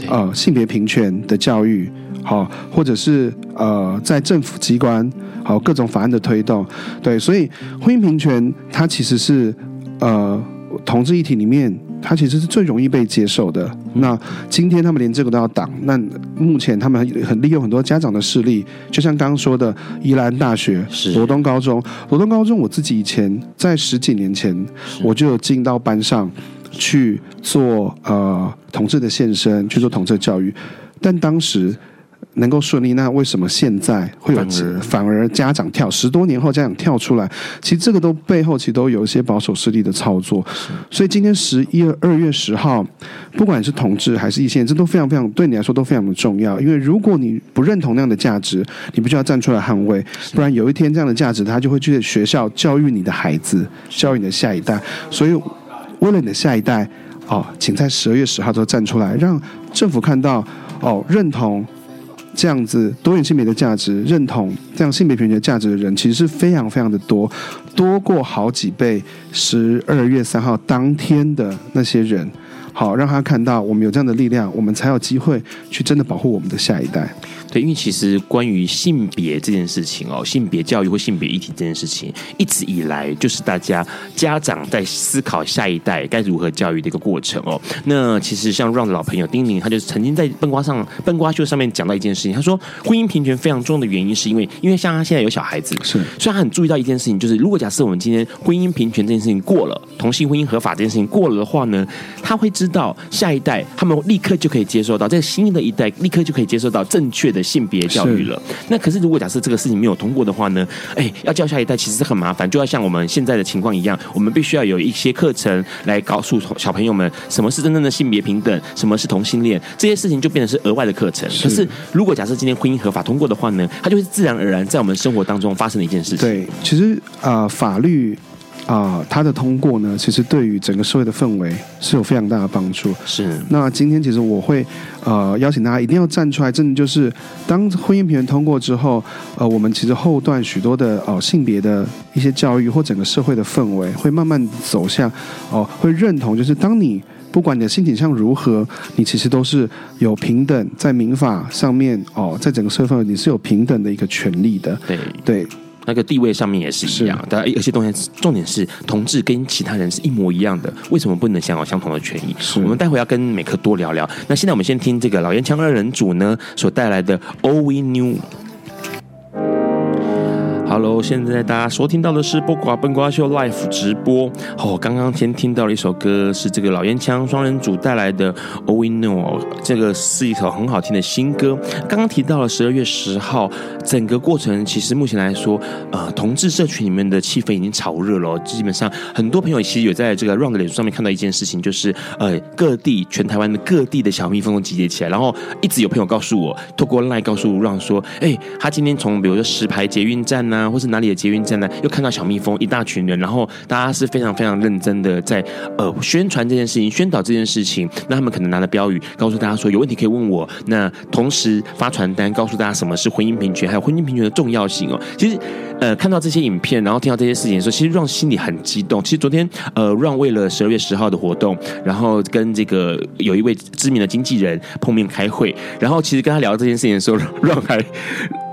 呃性別平權的教育。好，或者是呃，在政府機關，好、哦、各種法案的推動，對，所以婚姻平權它其實是呃同志議題裡面，它其實是最容易被接受的。嗯、哼那今天他們連這個都要擋，那目前他們很，很利用很多家長的勢力，就像剛剛說的，宜蘭大學、是羅東高中、羅東高中，我自己以前在十幾年前是我就有進到班上去做呃同志的現身，去做同志的教育，是但當時。能夠順利，那為什麼現在會有反而,反而家長跳？十多年後家長跳出來，其實這個都背後其實都有一些保守勢力的操作。是所以今天十一、二月十號，不管是同志還是異性，這都非常非常對你來說都非常的重要。因為如果你不認同那樣的價值，你必須要站出來捍衛，是不然有一天這樣的價值他就會去學校教育你的孩子，教育你的下一代。所以為了你的下一代哦，請在十二月十號都站出來，讓政府看到哦認同。這樣子，多元性別的價值認同這樣性別平等價值的人，其實是非常非常的多，多過好幾倍。十二月三號當天的那些人，好，讓他看到我們有這樣的力量，我們才有機會去真的保護我們的下一代。對，因為其實關於性別這件事情哦，性別教育或性別議題這件事情，一直以來就是大家家長在思考下一代該如何教育的一個過程哦。那其實像 Ron 的老朋友丁寧，他就曾經在《笨瓜》上《笨瓜秀》上面講到一件事情，他說，婚姻平權非常重要的原因，是因為因為像他現在有小孩子，是，所以他很注意到一件事情，就是如果假設我們今天婚姻平權這件事情過了，同性婚姻合法這件事情過了的話呢，他會知道下一代他們立刻就可以接受到，在新的一代立刻就可以接受到正確的性別教育了，是，那可是如果假設這個事情沒有通過的話呢？哎、欸，要教下一代其實是很麻煩，就要像我們現在的情況一樣，我們必須要有一些課程來告訴小朋友們什麼是真正的性別平等，什麼是同性戀，這些事情就變成是額外的課程。是。可是如果假設今天婚姻合法通過的話呢，它就是自然而然在我們生活當中發生的一件事情。對，其實啊、呃，法律。啊、呃，他的通過呢，其實對於整個社會的氛圍是有非常大的幫助。嗯、是。那今天其實我會呃邀請大家一定要站出來，真的就是當婚姻平權通過之後，呃，我們其實後段許多的哦、呃、性別的一些教育或整個社會的氛圍會慢慢走向哦、呃、會認同，就是當你不管你的性傾向如何，你其實都是有平等在民法上面哦、呃，在整個社會上你是有平等的一個權利的。對。對那個地位上面也是一樣的，但有些東西，重點是同志跟其他人是一模一樣的，為什麼不能享有相同的權益？是我們待會要跟美克多聊聊。那現在我們先聽這個老煙槍二人組呢所帶來的《All We Knew》。Hello，現在大家所聽到的是播瓜奔瓜秀 Life 直播。哦、oh，剛剛先聽到了一首歌，是這個老煙槍雙人組帶來的《All We Know 這個是一首很好聽的新歌。剛剛提到了十二月十號，整個過程其實目前來說，呃，同志社群裡面的氣氛已經炒熱了、哦。基本上，很多朋友其實有在這個 Run 的臉書上面看到一件事情，就是呃，各地全台灣的各地的小蜜蜂都集結起來，然後一直有朋友告訴我，透過 line 告訴我 Run 說，哎、欸，他今天從比如說石牌捷運站呢、啊。或是哪裡的捷運站呢？又看到小蜜蜂一大群人，然後大家是非常非常認真的在呃宣傳這件事情、宣導這件事情。那他們可能拿了標語告訴大家說有問題可以問我。那同時發傳單告訴大家什麼是婚姻平權，還有婚姻平權的重要性哦。其實。呃，看到這些影片，然後聽到這些事情的時候，其實讓心裡很激動。其實昨天，呃，讓為了十二月十號的活動，然後跟這個有一位知名的經紀人碰面開會，然後其實跟他聊這件事情的時候，讓還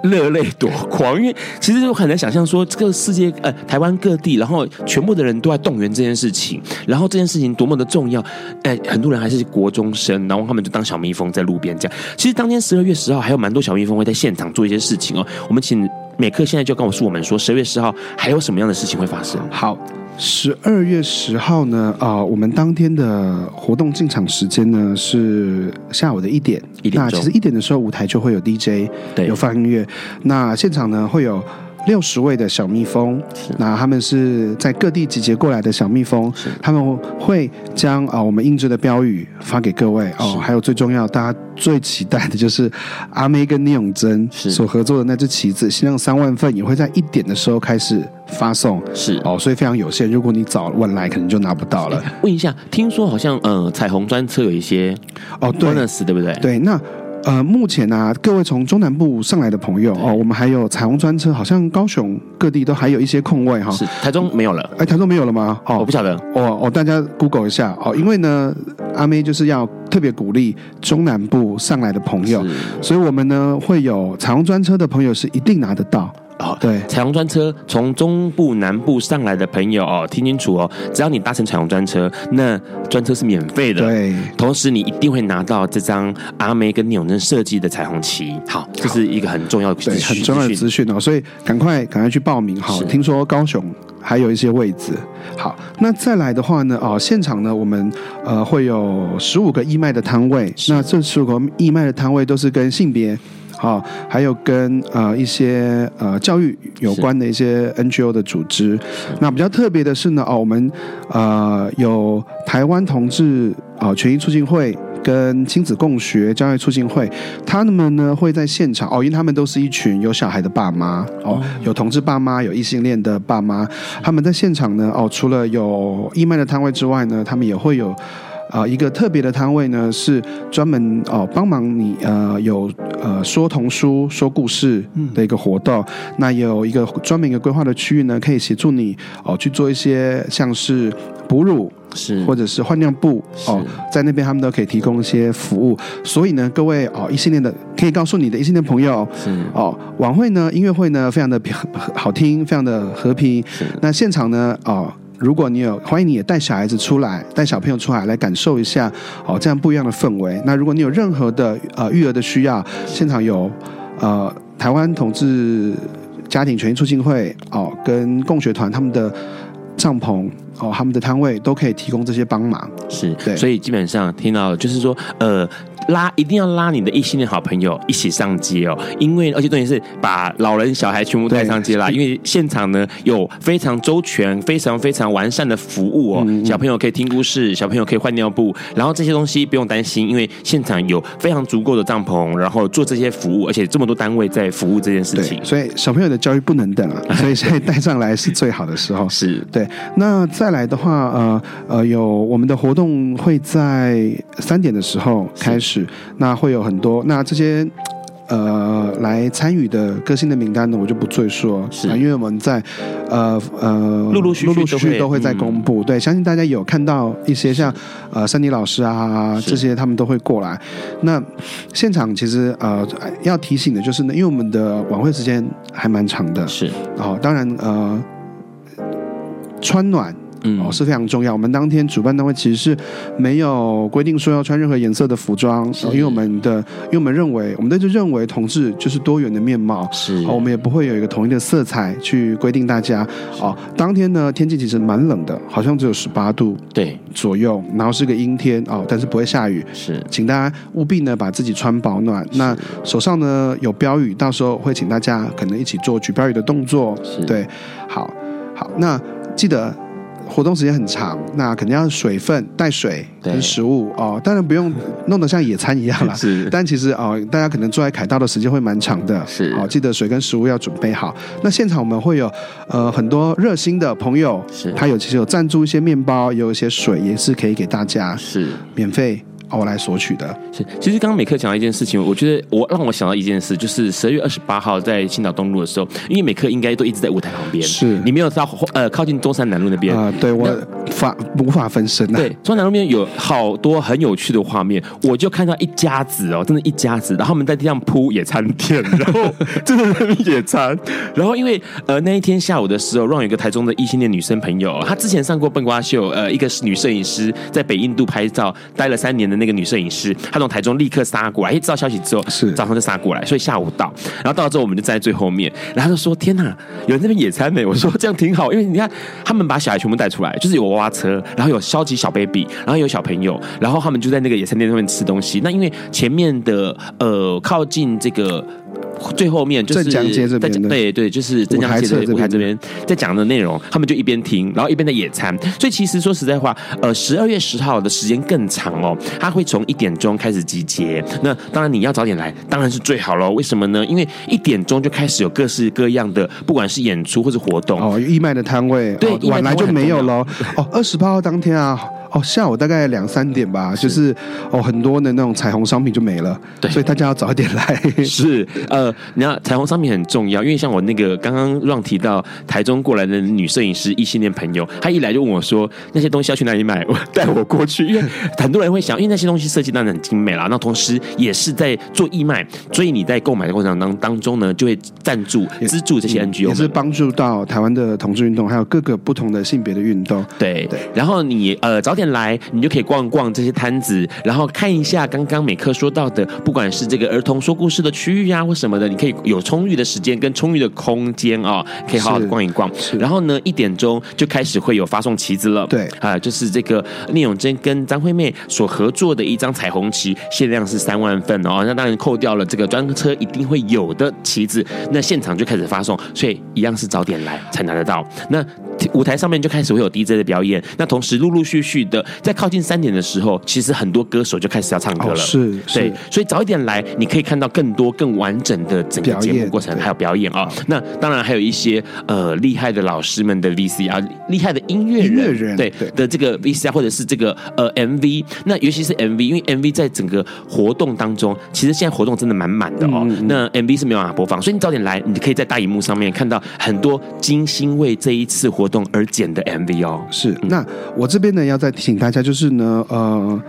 熱淚奪眶，因為其實我很難想象說這個世界，呃，台灣各地，然後全部的人都在動員這件事情，然後這件事情多麼的重要。哎、呃，很多人還是國中生，然後他們就當小蜜蜂在路邊這樣。其實當天十二月十號還有蠻多小蜜蜂會在現場做一些事情哦。我們請。美克現在就跟我說，我們說十二月十號還有什麼樣的事情會發生？好，十二月十號呢？啊、呃，我們當天的活動進場時間呢是下午的一點，一點鐘，那其實一點的時候舞台就會有 DJ 對，有放音樂，對。那現場呢會有。六十位的小蜜蜂，是啊、那他們是在各地集結過來的小蜜蜂，是啊、他們會將啊、哦、我們印制的標語發給各位哦，是啊、還有最重要，大家最期待的就是阿妹跟聶永真所合作的那只旗子，限量三萬份，也會在一點的時候開始發送，是、啊、哦，所以非常有限，如果你早晚來，可能就拿不到了。欸、問一下，聽說好像呃，彩虹專車有一些、欸、哦，對是對不對？對，那。呃，目前呢、啊，各位從中南部上來的朋友對哦，我們還有彩虹專車，好像高雄各地都還有一些空位哈。是，台中沒有了。哎，台中沒有了嗎？哦，我不曉得。哦哦，大家 Google 一下哦，因為呢，阿妹就是要特別鼓勵中南部上來的朋友，是所以我們呢會有彩虹專車的朋友是一定拿得到。哦，對，彩虹專車從中部南部上來的朋友哦，聽清楚哦，只要你搭乘彩虹專車，那專車是免費的，對，同時你一定會拿到這張阿梅跟鈕振設計的彩虹旗，好，好，這是一個很重要的資訊，很重要的資訊哦，所以趕快趕快去報名好，哦、是聽說高雄還有一些位置，好，那再來的話呢，哦，現場呢，我們呃會有十五個義賣的攤位，是那這十五個義賣的攤位都是跟性別。好、哦、還有跟呃一些呃教育有關的一些 NGO 的組織，是那比較特別的是呢，哦，我們呃有台灣同志啊、哦、權益促進會跟親子共學教育促進會，他們呢會在現場哦，因為他們都是一群有小孩的爸媽哦，嗯、有同志爸媽，有異性戀的爸媽，他們在現場呢哦，除了有義、e、賣的攤位之外呢，他們也會有。啊，一個特別的攤位呢，是專門哦幫忙你呃有呃說童書、說故事的一個活動。嗯、那有一個專門一個規劃的區域呢，可以協助你哦去做一些像是哺乳是或者是換尿布是哦，在那邊他們都可以提供一些服務。是所以呢，各位哦，異性戀的可以告訴你的異性戀朋友是哦，晚會呢、音樂會呢，非常的好聽，非常的和平。是那現場呢，哦。如果你有，歡迎你也帶小孩子出來，帶小朋友出來來感受一下哦，這樣不一樣的氛圍。那如果你有任何的呃育兒的需要，現場有呃台灣同志家庭權益促進會哦，跟共學團他們的帳篷哦，他們的攤位都可以提供這些幫忙。是，對所以基本上聽到就是說呃。拉一定要拉你的異性的好朋友一起上街哦，因為而且重點是把老人小孩全部帶上街啦，對因為現場呢有非常周全、非常非常完善的服務哦。嗯嗯，小朋友可以聽故事，小朋友可以換尿布，然後這些東西不用擔心，因為現場有非常足夠的帳篷，然後做這些服務，而且這麼多單位在服務這件事情。所以小朋友的教育不能等啊，所以所以帶上來是最好的時候。 是對，那再來的話，呃呃，有我們的活動會在三點的時候開始。是，那會有很多，那這些呃來參與的歌星的名單呢，我就不贅述，是、啊，因為我們在呃呃陸陸續續都會在公布，嗯、對，相信大家有看到一些像是呃珊妮老師啊這些，他們都會過來。是那現場其實呃要提醒的就是呢，因為我們的晚會時間還蠻長的，是，哦，當然呃穿暖。嗯，哦，是非常重要。我們當天主辦單位其實是沒有規定說要穿任何顏色的服裝是、哦，因為我們的，因為我們認為，我們在這認為同志就是多元的面貌，是、哦，我們也不會有一個統一的色彩去規定大家。哦，是當天呢天氣其實蠻冷的，好像只有十八度對左右，對然後是個陰天哦，但是不會下雨。是，請大家務必呢把自己穿保暖。是那手上呢有標語，到時候會請大家可能一起做舉標語的動作。是對，好，好，那記得。活動時間很長，那肯定要水分帶水跟食物對哦。當然不用弄得像野餐一樣啦，是但其實哦，大家可能坐在凱道的時間會蠻長的。是哦，記得水跟食物要準備好。那現場我們會有呃很多熱心的朋友，是他有其實有贊助一些麵包，有一些水也是可以給大家免費是免費。後、啊、來索取的。是，其實剛剛美克講到一件事情，我覺得我讓我想到一件事，就是十二月二十八號在青島東路的時候，因為美克應該都一直在舞台旁邊，是，你沒有到呃靠近中山南路那邊啊、呃？對我法無那法分身、啊。對，中山南路那邊有好多很有趣的畫面，我就看到一家子哦，真的，一家子，然後我們在地上鋪野餐墊，然後真的 在野餐，然後因為呃那一天下午的時候，讓有一個台中的異性戀女生朋友，她之前上過笨瓜秀，呃，一個是女攝影師，在北印度拍照待了三年的。那個女攝影師，她從台中立刻殺過來。一知道消息之後，是早上就殺過來，所以下午到。然後到了之後，我們就站在最後面。然後她就說：“天吶，有人在那邊野餐呢！”我說：“這樣挺好，因為你看，他們把小孩全部帶出來，就是有娃娃車，然後有超級小 baby，然後有小朋友，然後他們就在那個野餐墊上面吃東西。那因為前面的呃，靠近這個。”最後面就是在講，對對，就是鎮江街這邊、舞台這邊在講的內容，他們就一邊聽，然後一邊在野餐。所以其實說實在話，呃，十二月十號的時間更長哦，他會從一點鐘開始集結。那當然你要早點來，當然是最好囉。為什麼呢？因為一點鐘就開始有各式各樣的，不管是演出或是活動哦，義賣的攤位，對，晚來就沒有囉。哦，二十八號當天啊。哦，下午大概兩三點吧，是就是哦，很多的那種彩虹商品就沒了，對，所以大家要早一點來。是，呃，你看彩虹商品很重要，因為像我那個剛剛讓提到台中過來的女攝影師異性戀朋友，她一來就問我說那些東西要去哪裡買，帶我過去。因為很多人會想，因為那些東西設計當然很精美啦，那同時也是在做義賣，所以你在購買的過程當當中呢，就會贊助資助這些 NGO，也是幫助到台灣的同志運動，還有各個不同的性別的運動。對，對。然後你呃早。點來，你就可以逛一逛這些攤子，然後看一下剛剛美克說到的，不管是這個兒童說故事的區域呀、啊，或什麼的，你可以有充裕的時間跟充裕的空間啊、哦，可以好好的逛一逛。然後呢，一點鐘就開始會有發送旗子了，對，啊、呃，就是這個聶永真跟張惠妹所合作的一張彩虹旗，限量是三萬份哦，哦，那當然扣掉了這個專車一定會有的旗子，那現場就開始發送，所以一樣是早點來才拿得到。那。舞台上面就開始會有 DJ 的表演，那同時陸陸續續的在靠近三點的時候，其實很多歌手就開始要唱歌了。哦、是，是對，所以早一點來，你可以看到更多、更完整的整個節目過程，演還有表演啊對、哦。那當然還有一些呃厲害的老師們的 VCR 厲害的音樂人，音樂人對，對的這個 VCR 或者是這個呃 MV。那尤其是 MV，因為 MV 在整個活動當中，其實現在活動真的滿滿的哦。嗯嗯那 MV 是沒有辦法播放，所以你早點來，你可以在大熒幕上面看到很多精心為這一次活動。而剪的 MV 哦，是，那我這邊呢要再提醒大家，就是呢，呃，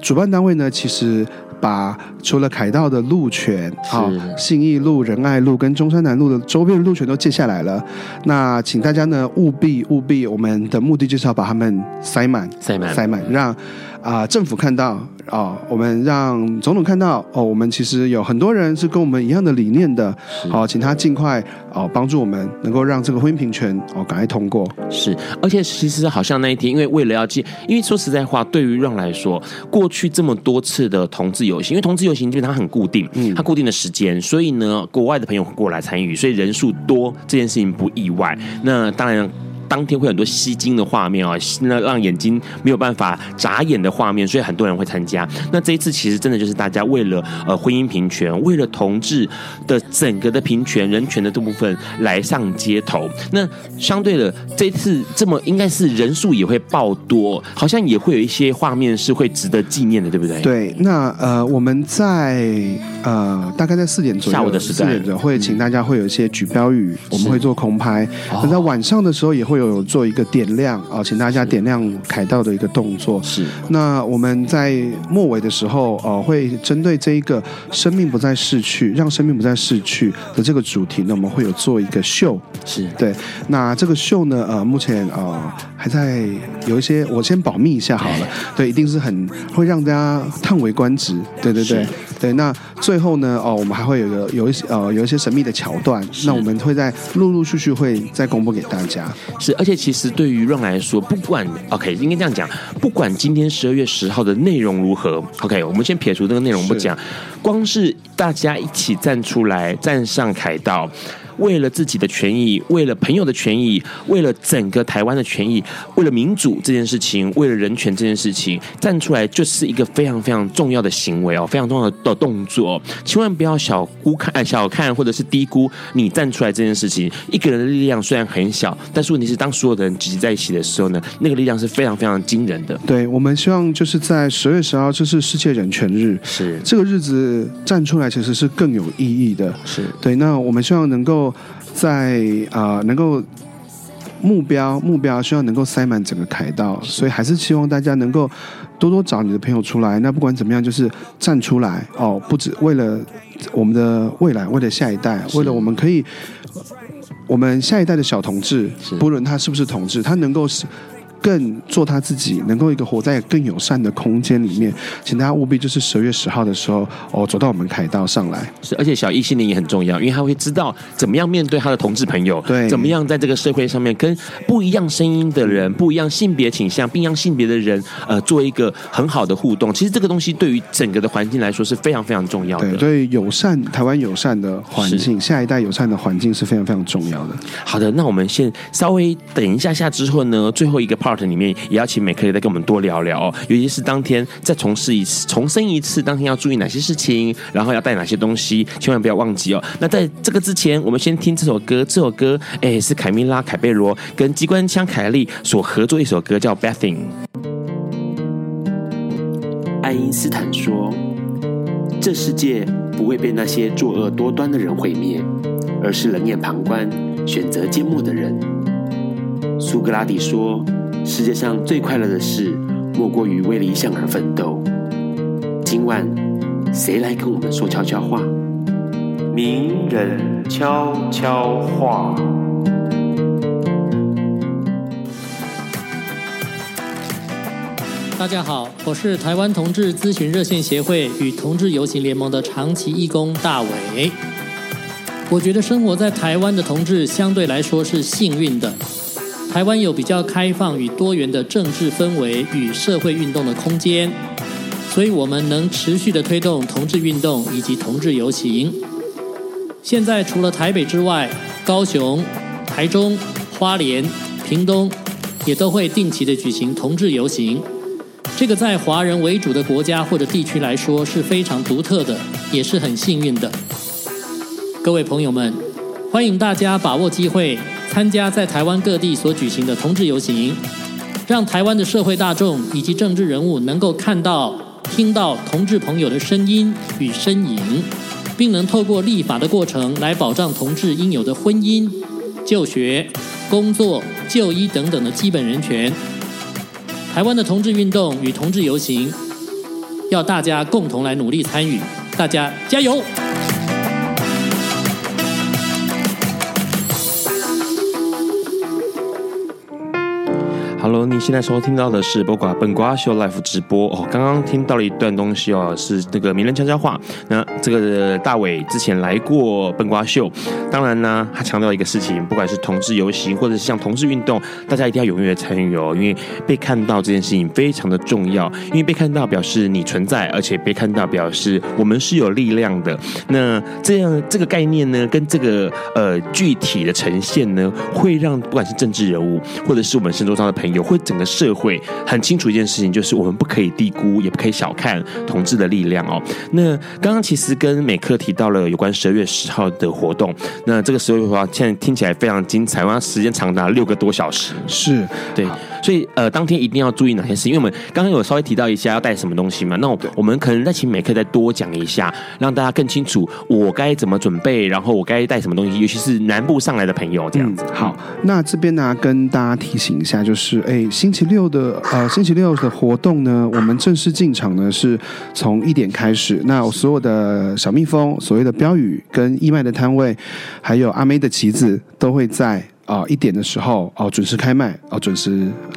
主辦單位呢其實把除了凱道的路權，好是、哦，信義路、仁愛路跟中山南路的周邊的路權都借下來了，那請大家呢務必務必，務必我們的目的就是要把他們塞滿，塞滿滿，塞滿，讓。啊、呃，政府看到啊、哦，我們讓總統看到哦，我們其實有很多人是跟我們一樣的理念的，好是、哦，請他儘快哦，幫助我們能夠讓這個婚姻平權哦，趕快通過。是，而且其實好像那一天，因為為了要進，因為說實在話，對於讓來說，過去這麼多次的同志遊行，因為同志遊行就是它很固定，嗯、它固定的時間，所以呢，國外的朋友會過來參與，所以人數多這件事情不意外。那當然。當天會很多吸睛的畫面哦，那讓眼睛沒有辦法眨眼的畫面，所以很多人會參加。那這一次其實真的就是大家為了呃婚姻平權、為了同志的整個的平權、人權的這部分來上街頭。那相對的，這次這麼應該是人數也會爆多，好像也會有一些畫面是會值得紀念的，對不對？對，那呃，我們在呃大概在四點左右，下午的時間四點左右會請大家會有一些舉標語，嗯、我們會做空拍。等是到晚上的時候也會有。有做一個點亮啊、呃，請大家點亮凱道的一個動作是。那我們在末尾的時候呃，會針對這一個生命不再逝去，讓生命不再逝去的這個主題呢，我們會有做一個秀。是對。那這個秀呢，呃，目前呃，還在有一些，我先保密一下好了。對，一定是很會讓大家嘆為觀止。對對對是對。那最後呢，哦、呃，我們還會有一個有一些呃有一些神秘的橋段，是那我們會在陸陸續續會再公布給大家。是。而且其實對於 Run 來說，不管 OK，應該這樣講，不管今天十二月十號的內容如何，OK，我們先撇除這個內容不講，是光是大家一起站出來，站上凱道。為了自己的權益，為了朋友的權益，為了整個台灣的權益，為了民主這件事情，為了人權這件事情，站出來就是一個非常非常重要的行為哦，非常重要的動作。千萬不要小估看、小看或者是低估你站出來這件事情。一個人的力量雖然很小，但是問題是，當所有的人聚集在一起的時候呢，那個力量是非常非常驚人的。對，我們希望就是在十月十號，就是世界人權日，是這個日子站出來，其實是更有意義的。是對，那我們希望能夠。在啊、呃，能夠目標目標，需要能夠塞滿整個凱道，是所以還是希望大家能夠多多找你的朋友出來。那不管怎麼樣，就是站出來哦，不止為了我們的未來，為了下一代，是為了我們可以，我們下一代的小同志，是不論他是不是同志，他能夠。更做他自己，能夠一個活在更友善的空間裡面，請大家務必就是十二月十號的時候哦，走到我們凱道上來。是，而且小藝心靈也很重要，因為他會知道怎麼樣面對他的同志朋友，對，怎麼樣在這個社會上面跟不一樣聲音的人、不一樣性別傾向、不一樣性別的人，呃，做一個很好的互動。其實這個東西對於整個的環境來說是非常非常重要的。對，對友善台灣友善的環境，是下一代友善的環境是非常非常重要的。好的，那我們先稍微等一下下之後呢，最後一個 part。裡面也要請美克麗再跟我們多聊聊哦，尤其是當天再重試一次，重申一次，當天要注意哪些事情，然後要帶哪些東西，千萬不要忘記哦。那在這個之前，我們先聽這首歌，這首歌哎是卡米拉·卡貝羅跟機關槍凱利所合作一首歌，叫《Bad Things》。愛因斯坦說：“這世界不會被那些作惡多端的人毀滅，而是冷眼旁觀、選擇緘默的人。”蘇格拉底說。世界上最快樂的事，莫過於為理想而奮鬥。今晚，誰來跟我們說悄悄話？名人悄悄話。大家好，我是台灣同志諮詢熱線協會與同志遊行聯盟的長期義工大偉。我覺得生活在台灣的同志相對來說是幸運的。台灣有比較開放與多元的政治氛圍與社會運動的空間，所以我們能持續地推動同志運動以及同志遊行。現在除了台北之外，高雄、台中、花蓮、屏東也都會定期地舉行同志遊行。這個在華人為主的國家或者地區來說是非常獨特的，也是很幸運的。各位朋友們，歡迎大家把握機會。參加在台灣各地所舉行的同志遊行，讓台灣的社會大眾以及政治人物能夠看到、聽到同志朋友的聲音與身影，並能透過立法的過程來保障同志應有的婚姻、就學、工作、就醫等等的基本人權。台灣的同志運動與同志遊行，要大家共同來努力參與，大家加油！Hello，你現在所聽到的是《八卦笨瓜秀》live 直播哦。剛剛聽到了一段東西哦，是這個名人悄悄話。那這個大偉之前來過笨瓜秀，當然呢，他強調一個事情，不管是同志遊行或者是像同志運動，大家一定要踴躍參與哦，因為被看到這件事情非常的重要。因為被看到表示你存在，而且被看到表示我們是有力量的。那這樣這個概念呢，跟這個呃具體的呈現呢，會讓不管是政治人物，或者是我們生活上的朋友，也會整個社會很清楚一件事情，就是我們不可以低估，也不可以小看同志的力量哦。那剛剛其實跟美克提到了有關十二月十號的活動，那這個十二月十號現在聽起來非常精彩，它時間長達六個多小時，是，對。所以，呃，當天一定要注意哪些事？因為我們剛剛有稍微提到一下要帶什麼東西嘛，那我我們可能再請美克再多講一下，讓大家更清楚我該怎麼準備，然後我該帶什麼東西，尤其是南部上來的朋友這樣子。嗯嗯、好，那這邊呢、啊，跟大家提醒一下，就是，誒、欸，星期六的，呃，星期六的活動呢，我們正式進場呢是從一點開始，那我所有的小蜜蜂所謂的標語跟義賣的攤位，還有阿妹的旗子都會在。啊、呃，一點的時候，哦、呃，準時開賣，哦、呃，準時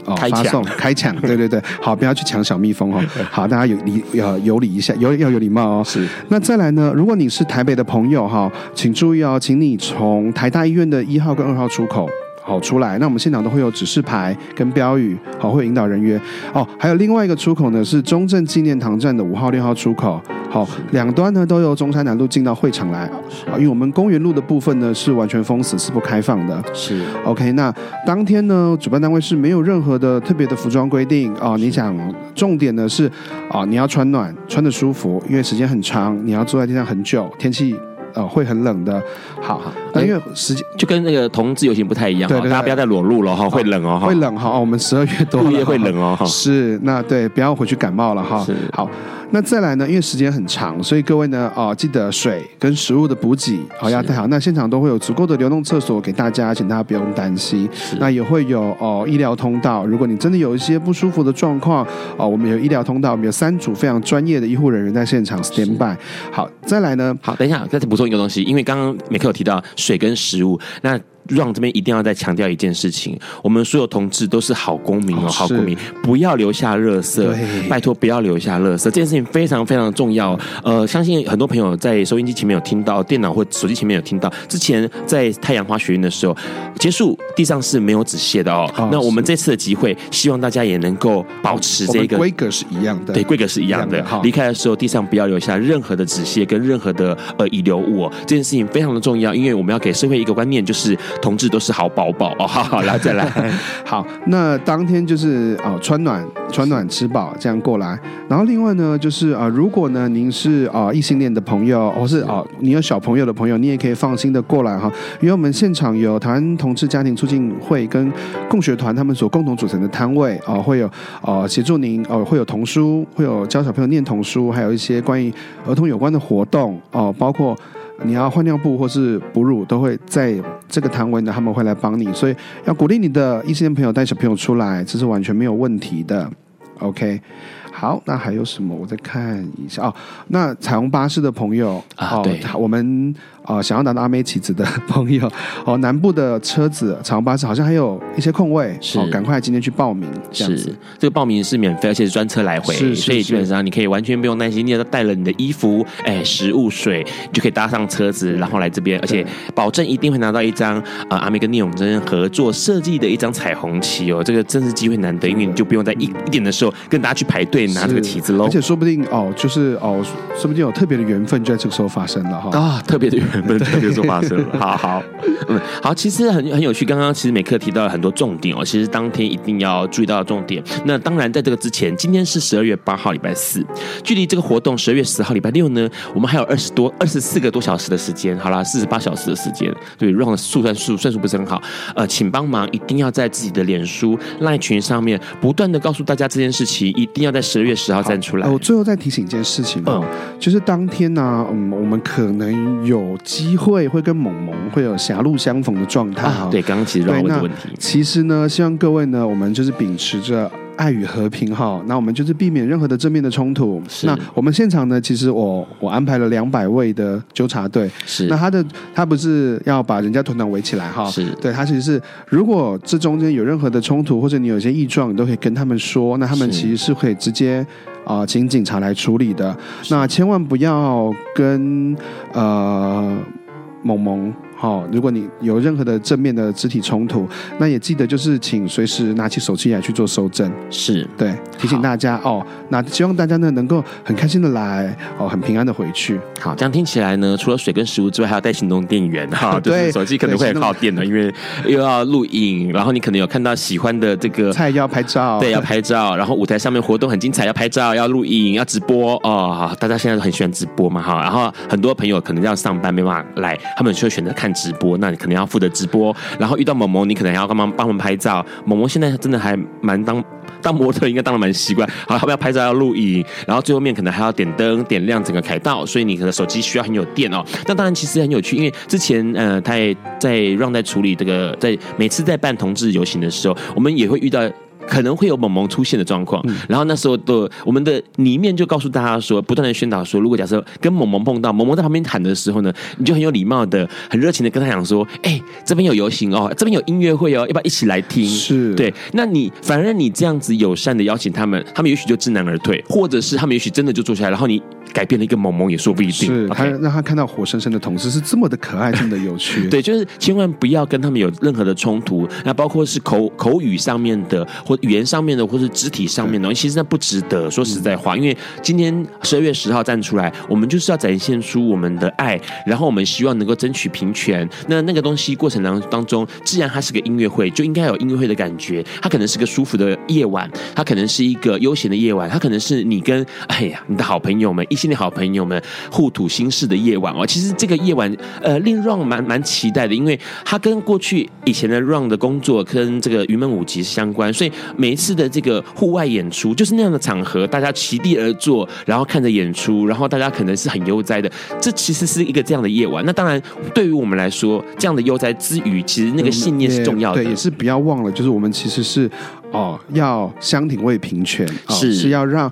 哦、呃、開搶 發送開搶，對對對，好， 不要去搶小蜜蜂哦，好，大家有禮要有禮一下，有要有禮貌哦，是。那再來呢，如果你是台北的朋友哈、哦，請注意哦，請你從台大醫院的一號跟二號出口。好出來，那我們現場都會有指示牌跟標語，好，會有引導人員。哦，還有另外一個出口呢，是中正紀念堂站的五號、六號出口。好，的兩端呢都由中山南路進到會場來。啊的，因為我們公園路的部分呢是完全封死，是不開放的。是的，OK。那當天呢，主辦單位是沒有任何的特別的服裝規定啊、哦。你想，的重點呢是啊、哦，你要穿暖，穿得舒服，因為時間很長，你要坐在地上很久，天氣。哦、會很冷的，好，好，那因為時間、欸、就跟那個同志遊行不太一樣，對，對，對，大家不要再裸露了哈，會冷哦、喔，會冷哈、喔哦哦，我們十二月多月會冷、喔、哦，是，那對，不要回去感冒了哈，是，哦、好。那再來呢？因為時間很長，所以各位呢，哦，記得水跟食物的補給，好、哦、要帶好。是那現場都會有足夠的流動廁所給大家，請大家不用擔心。是那也會有哦醫療通道，如果你真的有一些不舒服的狀況，哦，我們有醫療通道，我們有三組非常專業的醫護人員在現場 stand by。是好，再來呢？好，等一下再補充一個東西，因為剛剛美克有提到水跟食物，那。Ron 這邊一定要再強調一件事情，我們所有同志都是好公民哦，哦好公民，是不要留下垃圾，對拜託不要留下垃圾。這件事情非常非常重要。嗯、呃，相信很多朋友在收音機前面有聽到，電腦或手機前面有聽到。之前在太陽花學運的時候，結束地上是沒有紙屑的哦。哦那我們這次的集會，是希望大家也能夠保持這個規、嗯、格是一樣的，對，規格是一樣的。離、哦、開的時候，地上不要留下任何的紙屑跟任何的呃遺留物、哦。這件事情非常的重要，因為我們要給社會一個觀念，就是。同志都是好寶寶哦，好，好，好來再來。 好，那當天就是哦，穿暖穿暖吃飽這樣過來。然後另外呢，就是啊，如果呢您是啊異性戀的朋友，或是啊你有小朋友的朋友，你也可以放心的過來哈，因為我們現場有台灣同志家庭促進會跟共學團他們所共同組成的攤位啊，會有啊協助您哦，會有童書，會有教小朋友念童書，還有一些關於兒童有關的活動哦，包括。你要換尿布或是哺乳，都會在這個攤位呢，他們會來幫你。所以要鼓勵你的異性戀朋友帶小朋友出來，這是完全沒有問題的。OK，好，那還有什麼？我再看一下哦。那彩虹巴士的朋友啊，對，哦、我們。啊、呃，想要拿到阿妹旗子的朋友，哦，南部的車子，長巴士好像還有一些空位，是哦，趕快今天去報名，這樣子。這個報名是免費，而且是專車來回，是，是所以基本上你可以完全不用擔心，你也要帶了你的衣服，哎、欸，食物、水，你就可以搭上車子，然後來這邊，對而且保證一定會拿到一張啊、呃，阿妹跟聶永真合作設計的一張彩虹旗哦，這個真是機會難得，的因為你就不用在一一點的時候跟大家去排隊拿這個旗子嘍，而且說不定哦，就是哦，說不定有特別的緣分就在這個時候發生了哈，啊、哦，哦、特別的。緣分別 好好，嗯，好，其實很很有趣。剛剛其實美克提到了很多重點哦、喔，其實當天一定要注意到的重點。那當然，在這個之前，今天是十二月八號，禮拜四，距離這個活動十二月十號，禮拜六呢，我們還有二十多二十四個多小時的時間。好啦，四十八小時的時間，對，讓數算數算數不是很好，呃，請幫忙，一定要在自己的臉書、賴群上面不斷的告訴大家這件事情，一定要在十二月十號站出來。我、嗯呃、最後再提醒一件事情嗯，就是當天呢、啊，嗯，我們可能有。機會會跟萌萌會有狹路相逢的狀態、啊、對，剛剛其實問的問題。其實呢，希望各位呢，我們就是秉持着愛與和平哈。那我們就是避免任何的正面的衝突。是那我們現場呢，其實我我安排了兩百位的糾察隊。是。那他的他不是要把人家團團圍起來哈。是。對，他其實是，如果這中間有任何的衝突，或者你有些異狀，你都可以跟他們說。那他們其實是可以直接。啊、呃，請警察來處理的，那千萬不要跟呃萌萌、懵懵好、哦，如果你有任何的正面的肢體衝突，那也記得就是請隨時拿起手機來去做蒐證。是對，提醒大家好哦。那希望大家呢能夠很開心的來哦，很平安的回去。好，這樣聽起來呢，除了水跟食物之外，還要帶行動電源哈，對、哦。就是、手機可能會很耗電的，因為又要錄影， 然後你可能有看到喜歡的這個，菜要拍照，對，要拍照， 然後舞台上面活動很精彩，要拍照，要錄影，要直播哦。大家現在都很喜歡直播嘛哈，然後很多朋友可能要上班沒辦法來，他們就會選擇看。直播，那你可能要負責直播，然後遇到萌萌，你可能還要幫忙幫忙拍照。萌萌現在真的還蠻當當模特，應該當得蠻習慣。好，要不要拍照，要錄影，然後最後面可能還要點燈點亮整個凱道，所以你可能手機需要很有電哦。那當然其實很有趣，因為之前呃他也在讓在處理這個，在每次在辦同志遊行的時候，我們也會遇到。可能會有萌萌出現的狀況，嗯、然後那時候的我們的裡面就告訴大家說，不斷的宣導說，如果假設跟萌萌碰到，萌萌在旁邊喊的時候呢，你就很有禮貌的、很熱情的跟他講說，哎、欸，這邊有遊行哦，這邊有音樂會哦，要不要一起來聽？是，對，那你反而你這樣子友善的邀請他們，他們也許就知難而退，或者是他們也許真的就坐下來，然後你。改變了一個萌萌也說不一定，是 Okay 他讓他看到活生生的同志是這麼的可愛，這麼的有趣。 對，就是千萬不要跟他們有任何的衝突，那包括是口口語上面的，或語言上面的，或是肢體上面的東西，對其實那不值得。說實在話，嗯、因為今天十二月十號站出來，我們就是要展現出我們的愛，然後我們希望能夠爭取平權。那那個東西過程當中，既然它是個音樂會，就應該有音樂會的感覺。它可能是個舒服的夜晚，它可能是一個悠閒的，的夜晚，它可能是你跟哎呀你的好朋友們一。新的好朋友們，互吐心事的夜晚哦。其實這個夜晚，呃，令讓蠻蠻，蠻期待的，因為它跟過去以前的讓的工作跟這個雲門舞集相關，所以每一次的這個戶外演出就是那樣的場合，大家席地而坐，然後看着演出，然後大家可能是很悠哉的，這其實是一個這樣的夜晚。那當然，對於我們來說，這樣的悠哉之餘，其實那個信念是重要的，嗯對，對，也是不要忘了，就是我們其實是哦，要相挺為平權，哦，是是要讓。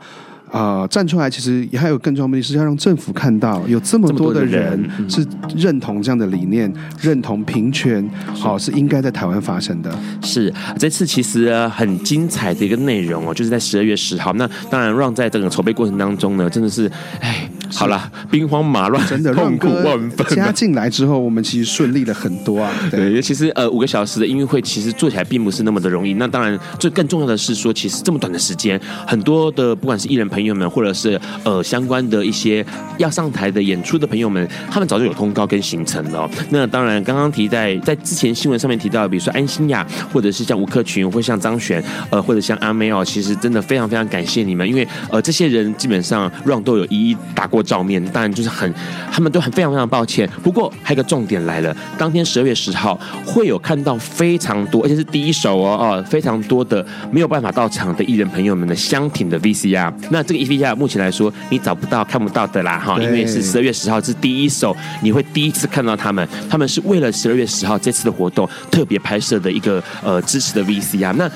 啊、呃，站出來其實也還有更重要的目的，是要讓政府看到有這麼多的人是認同這樣的理念，嗯、認同平權，好是、呃、是應該在台灣發生的。是這次其實很精彩的一個內容哦，就是在十二月十號。那當然讓在整個籌備過程當中呢，真的是哎。唉是好了，兵荒馬亂，真的痛苦萬分了。加進來之後，我們其實順利了很多啊。對，對其實呃，五個小時的音樂會其實做起來並不是那麼的容易。那當然，最更重要的是說，其實這麼短的時間，很多的不管是藝人朋友們，或者是呃相關的一些要上台的演出的朋友們，他們早就有通告跟行程了哦。那當然，剛剛提在在之前新聞上面提到，比如說安心亞，或者是像吳克群，或像張懸，呃，或者像阿妹哦，其實真的非常非常感謝你們，因為呃，這些人基本上 run 都有一一打過。我找面，單就是很，他們都很非常非常抱歉。不過還有一個重點來了，當天十二月十號會有看到非常多，而且是第一手哦哦，非常多的沒有辦法到場的藝人朋友們的相挺的 VCR。那這個 VCR 目前來說你找不到看不到的啦哈，哦、對因為是十二月十號是第一手，你會第一次看到他們。他們是為了十二月十號這次的活動特別拍攝的一個呃支持的 VCR。那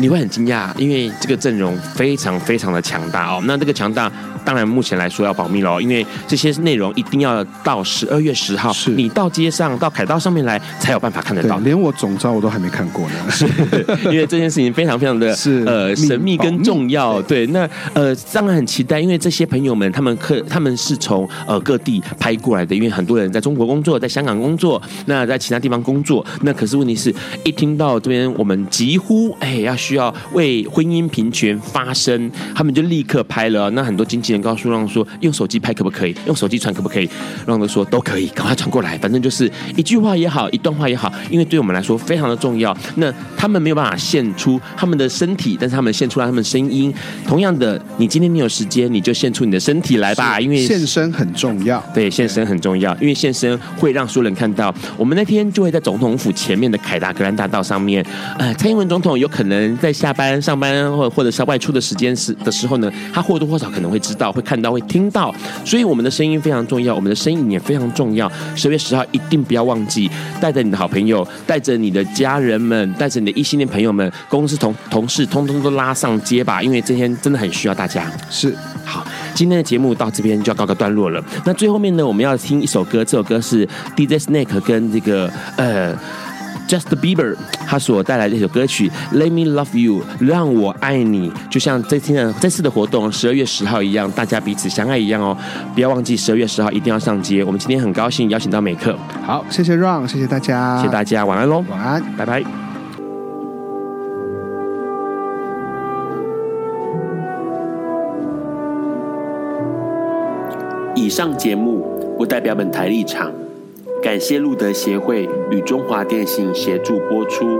你會很驚訝，因為這個陣容非常非常的強大哦。那這個強大。當然，目前來說要保密咯，因為這些內容一定要到十二月十號，是你到街上、到凱道上面來，才有辦法看得到。連我總召我都還沒看過呢。 是，因為這件事情非常非常的是呃神秘跟重要。對，那呃，當然很期待，因為這些朋友們他們可他們是從呃各地拍過來的，因為很多人在中國工作，在香港工作，那在其他地方工作，那可是問題是一聽到這邊我們疾呼，哎，要需要為婚姻平權發聲，他們就立刻拍了。那很多經紀人。告訴讓說用手機拍可不可以，用手機傳可不可以？讓他說都可以，趕快傳過來。反正就是一句話也好，一段話也好，因為對我們來說非常的重要。那他們沒有辦法獻出他們的身體，但是他們獻出了他們的聲音。同樣的，你今天沒有時間，你就獻出你的身體來吧，因為獻身很重要。對，獻身很重要，對因為獻身會讓所有人看到。我們那天就會在總統府前面的凱達格蘭大道上面，呃。蔡英文總統有可能在下班、上班或或者是外出的時間時的時候呢，他或多或少可能會知道。到會看到會聽到，所以我們的聲音非常重要，我們的身影也非常重要。十月十號一定不要忘記，帶着你的好朋友，帶着你的家人們，帶着你的異性戀朋友們，公司同同事，通通都拉上街吧，因為今天真的很需要大家。是好，今天的節目到這邊就要告個段落了。那最後面呢，我們要聽一首歌，這首歌是 DJ Snake 跟這個呃。Justin Bieber，他所帶來的一首歌曲《Let Me Love You》，讓我愛你，就像這次這次的活動十二月十號一樣，大家彼此相愛一樣哦。不要忘記十二月十號一定要上街。我們今天很高興邀請到美克。好，謝謝 Ron，謝謝大家，謝謝大家，晚安嘍，晚安，拜拜。以上節目不代表本台立場。感謝路德協會與中華電信協助播出。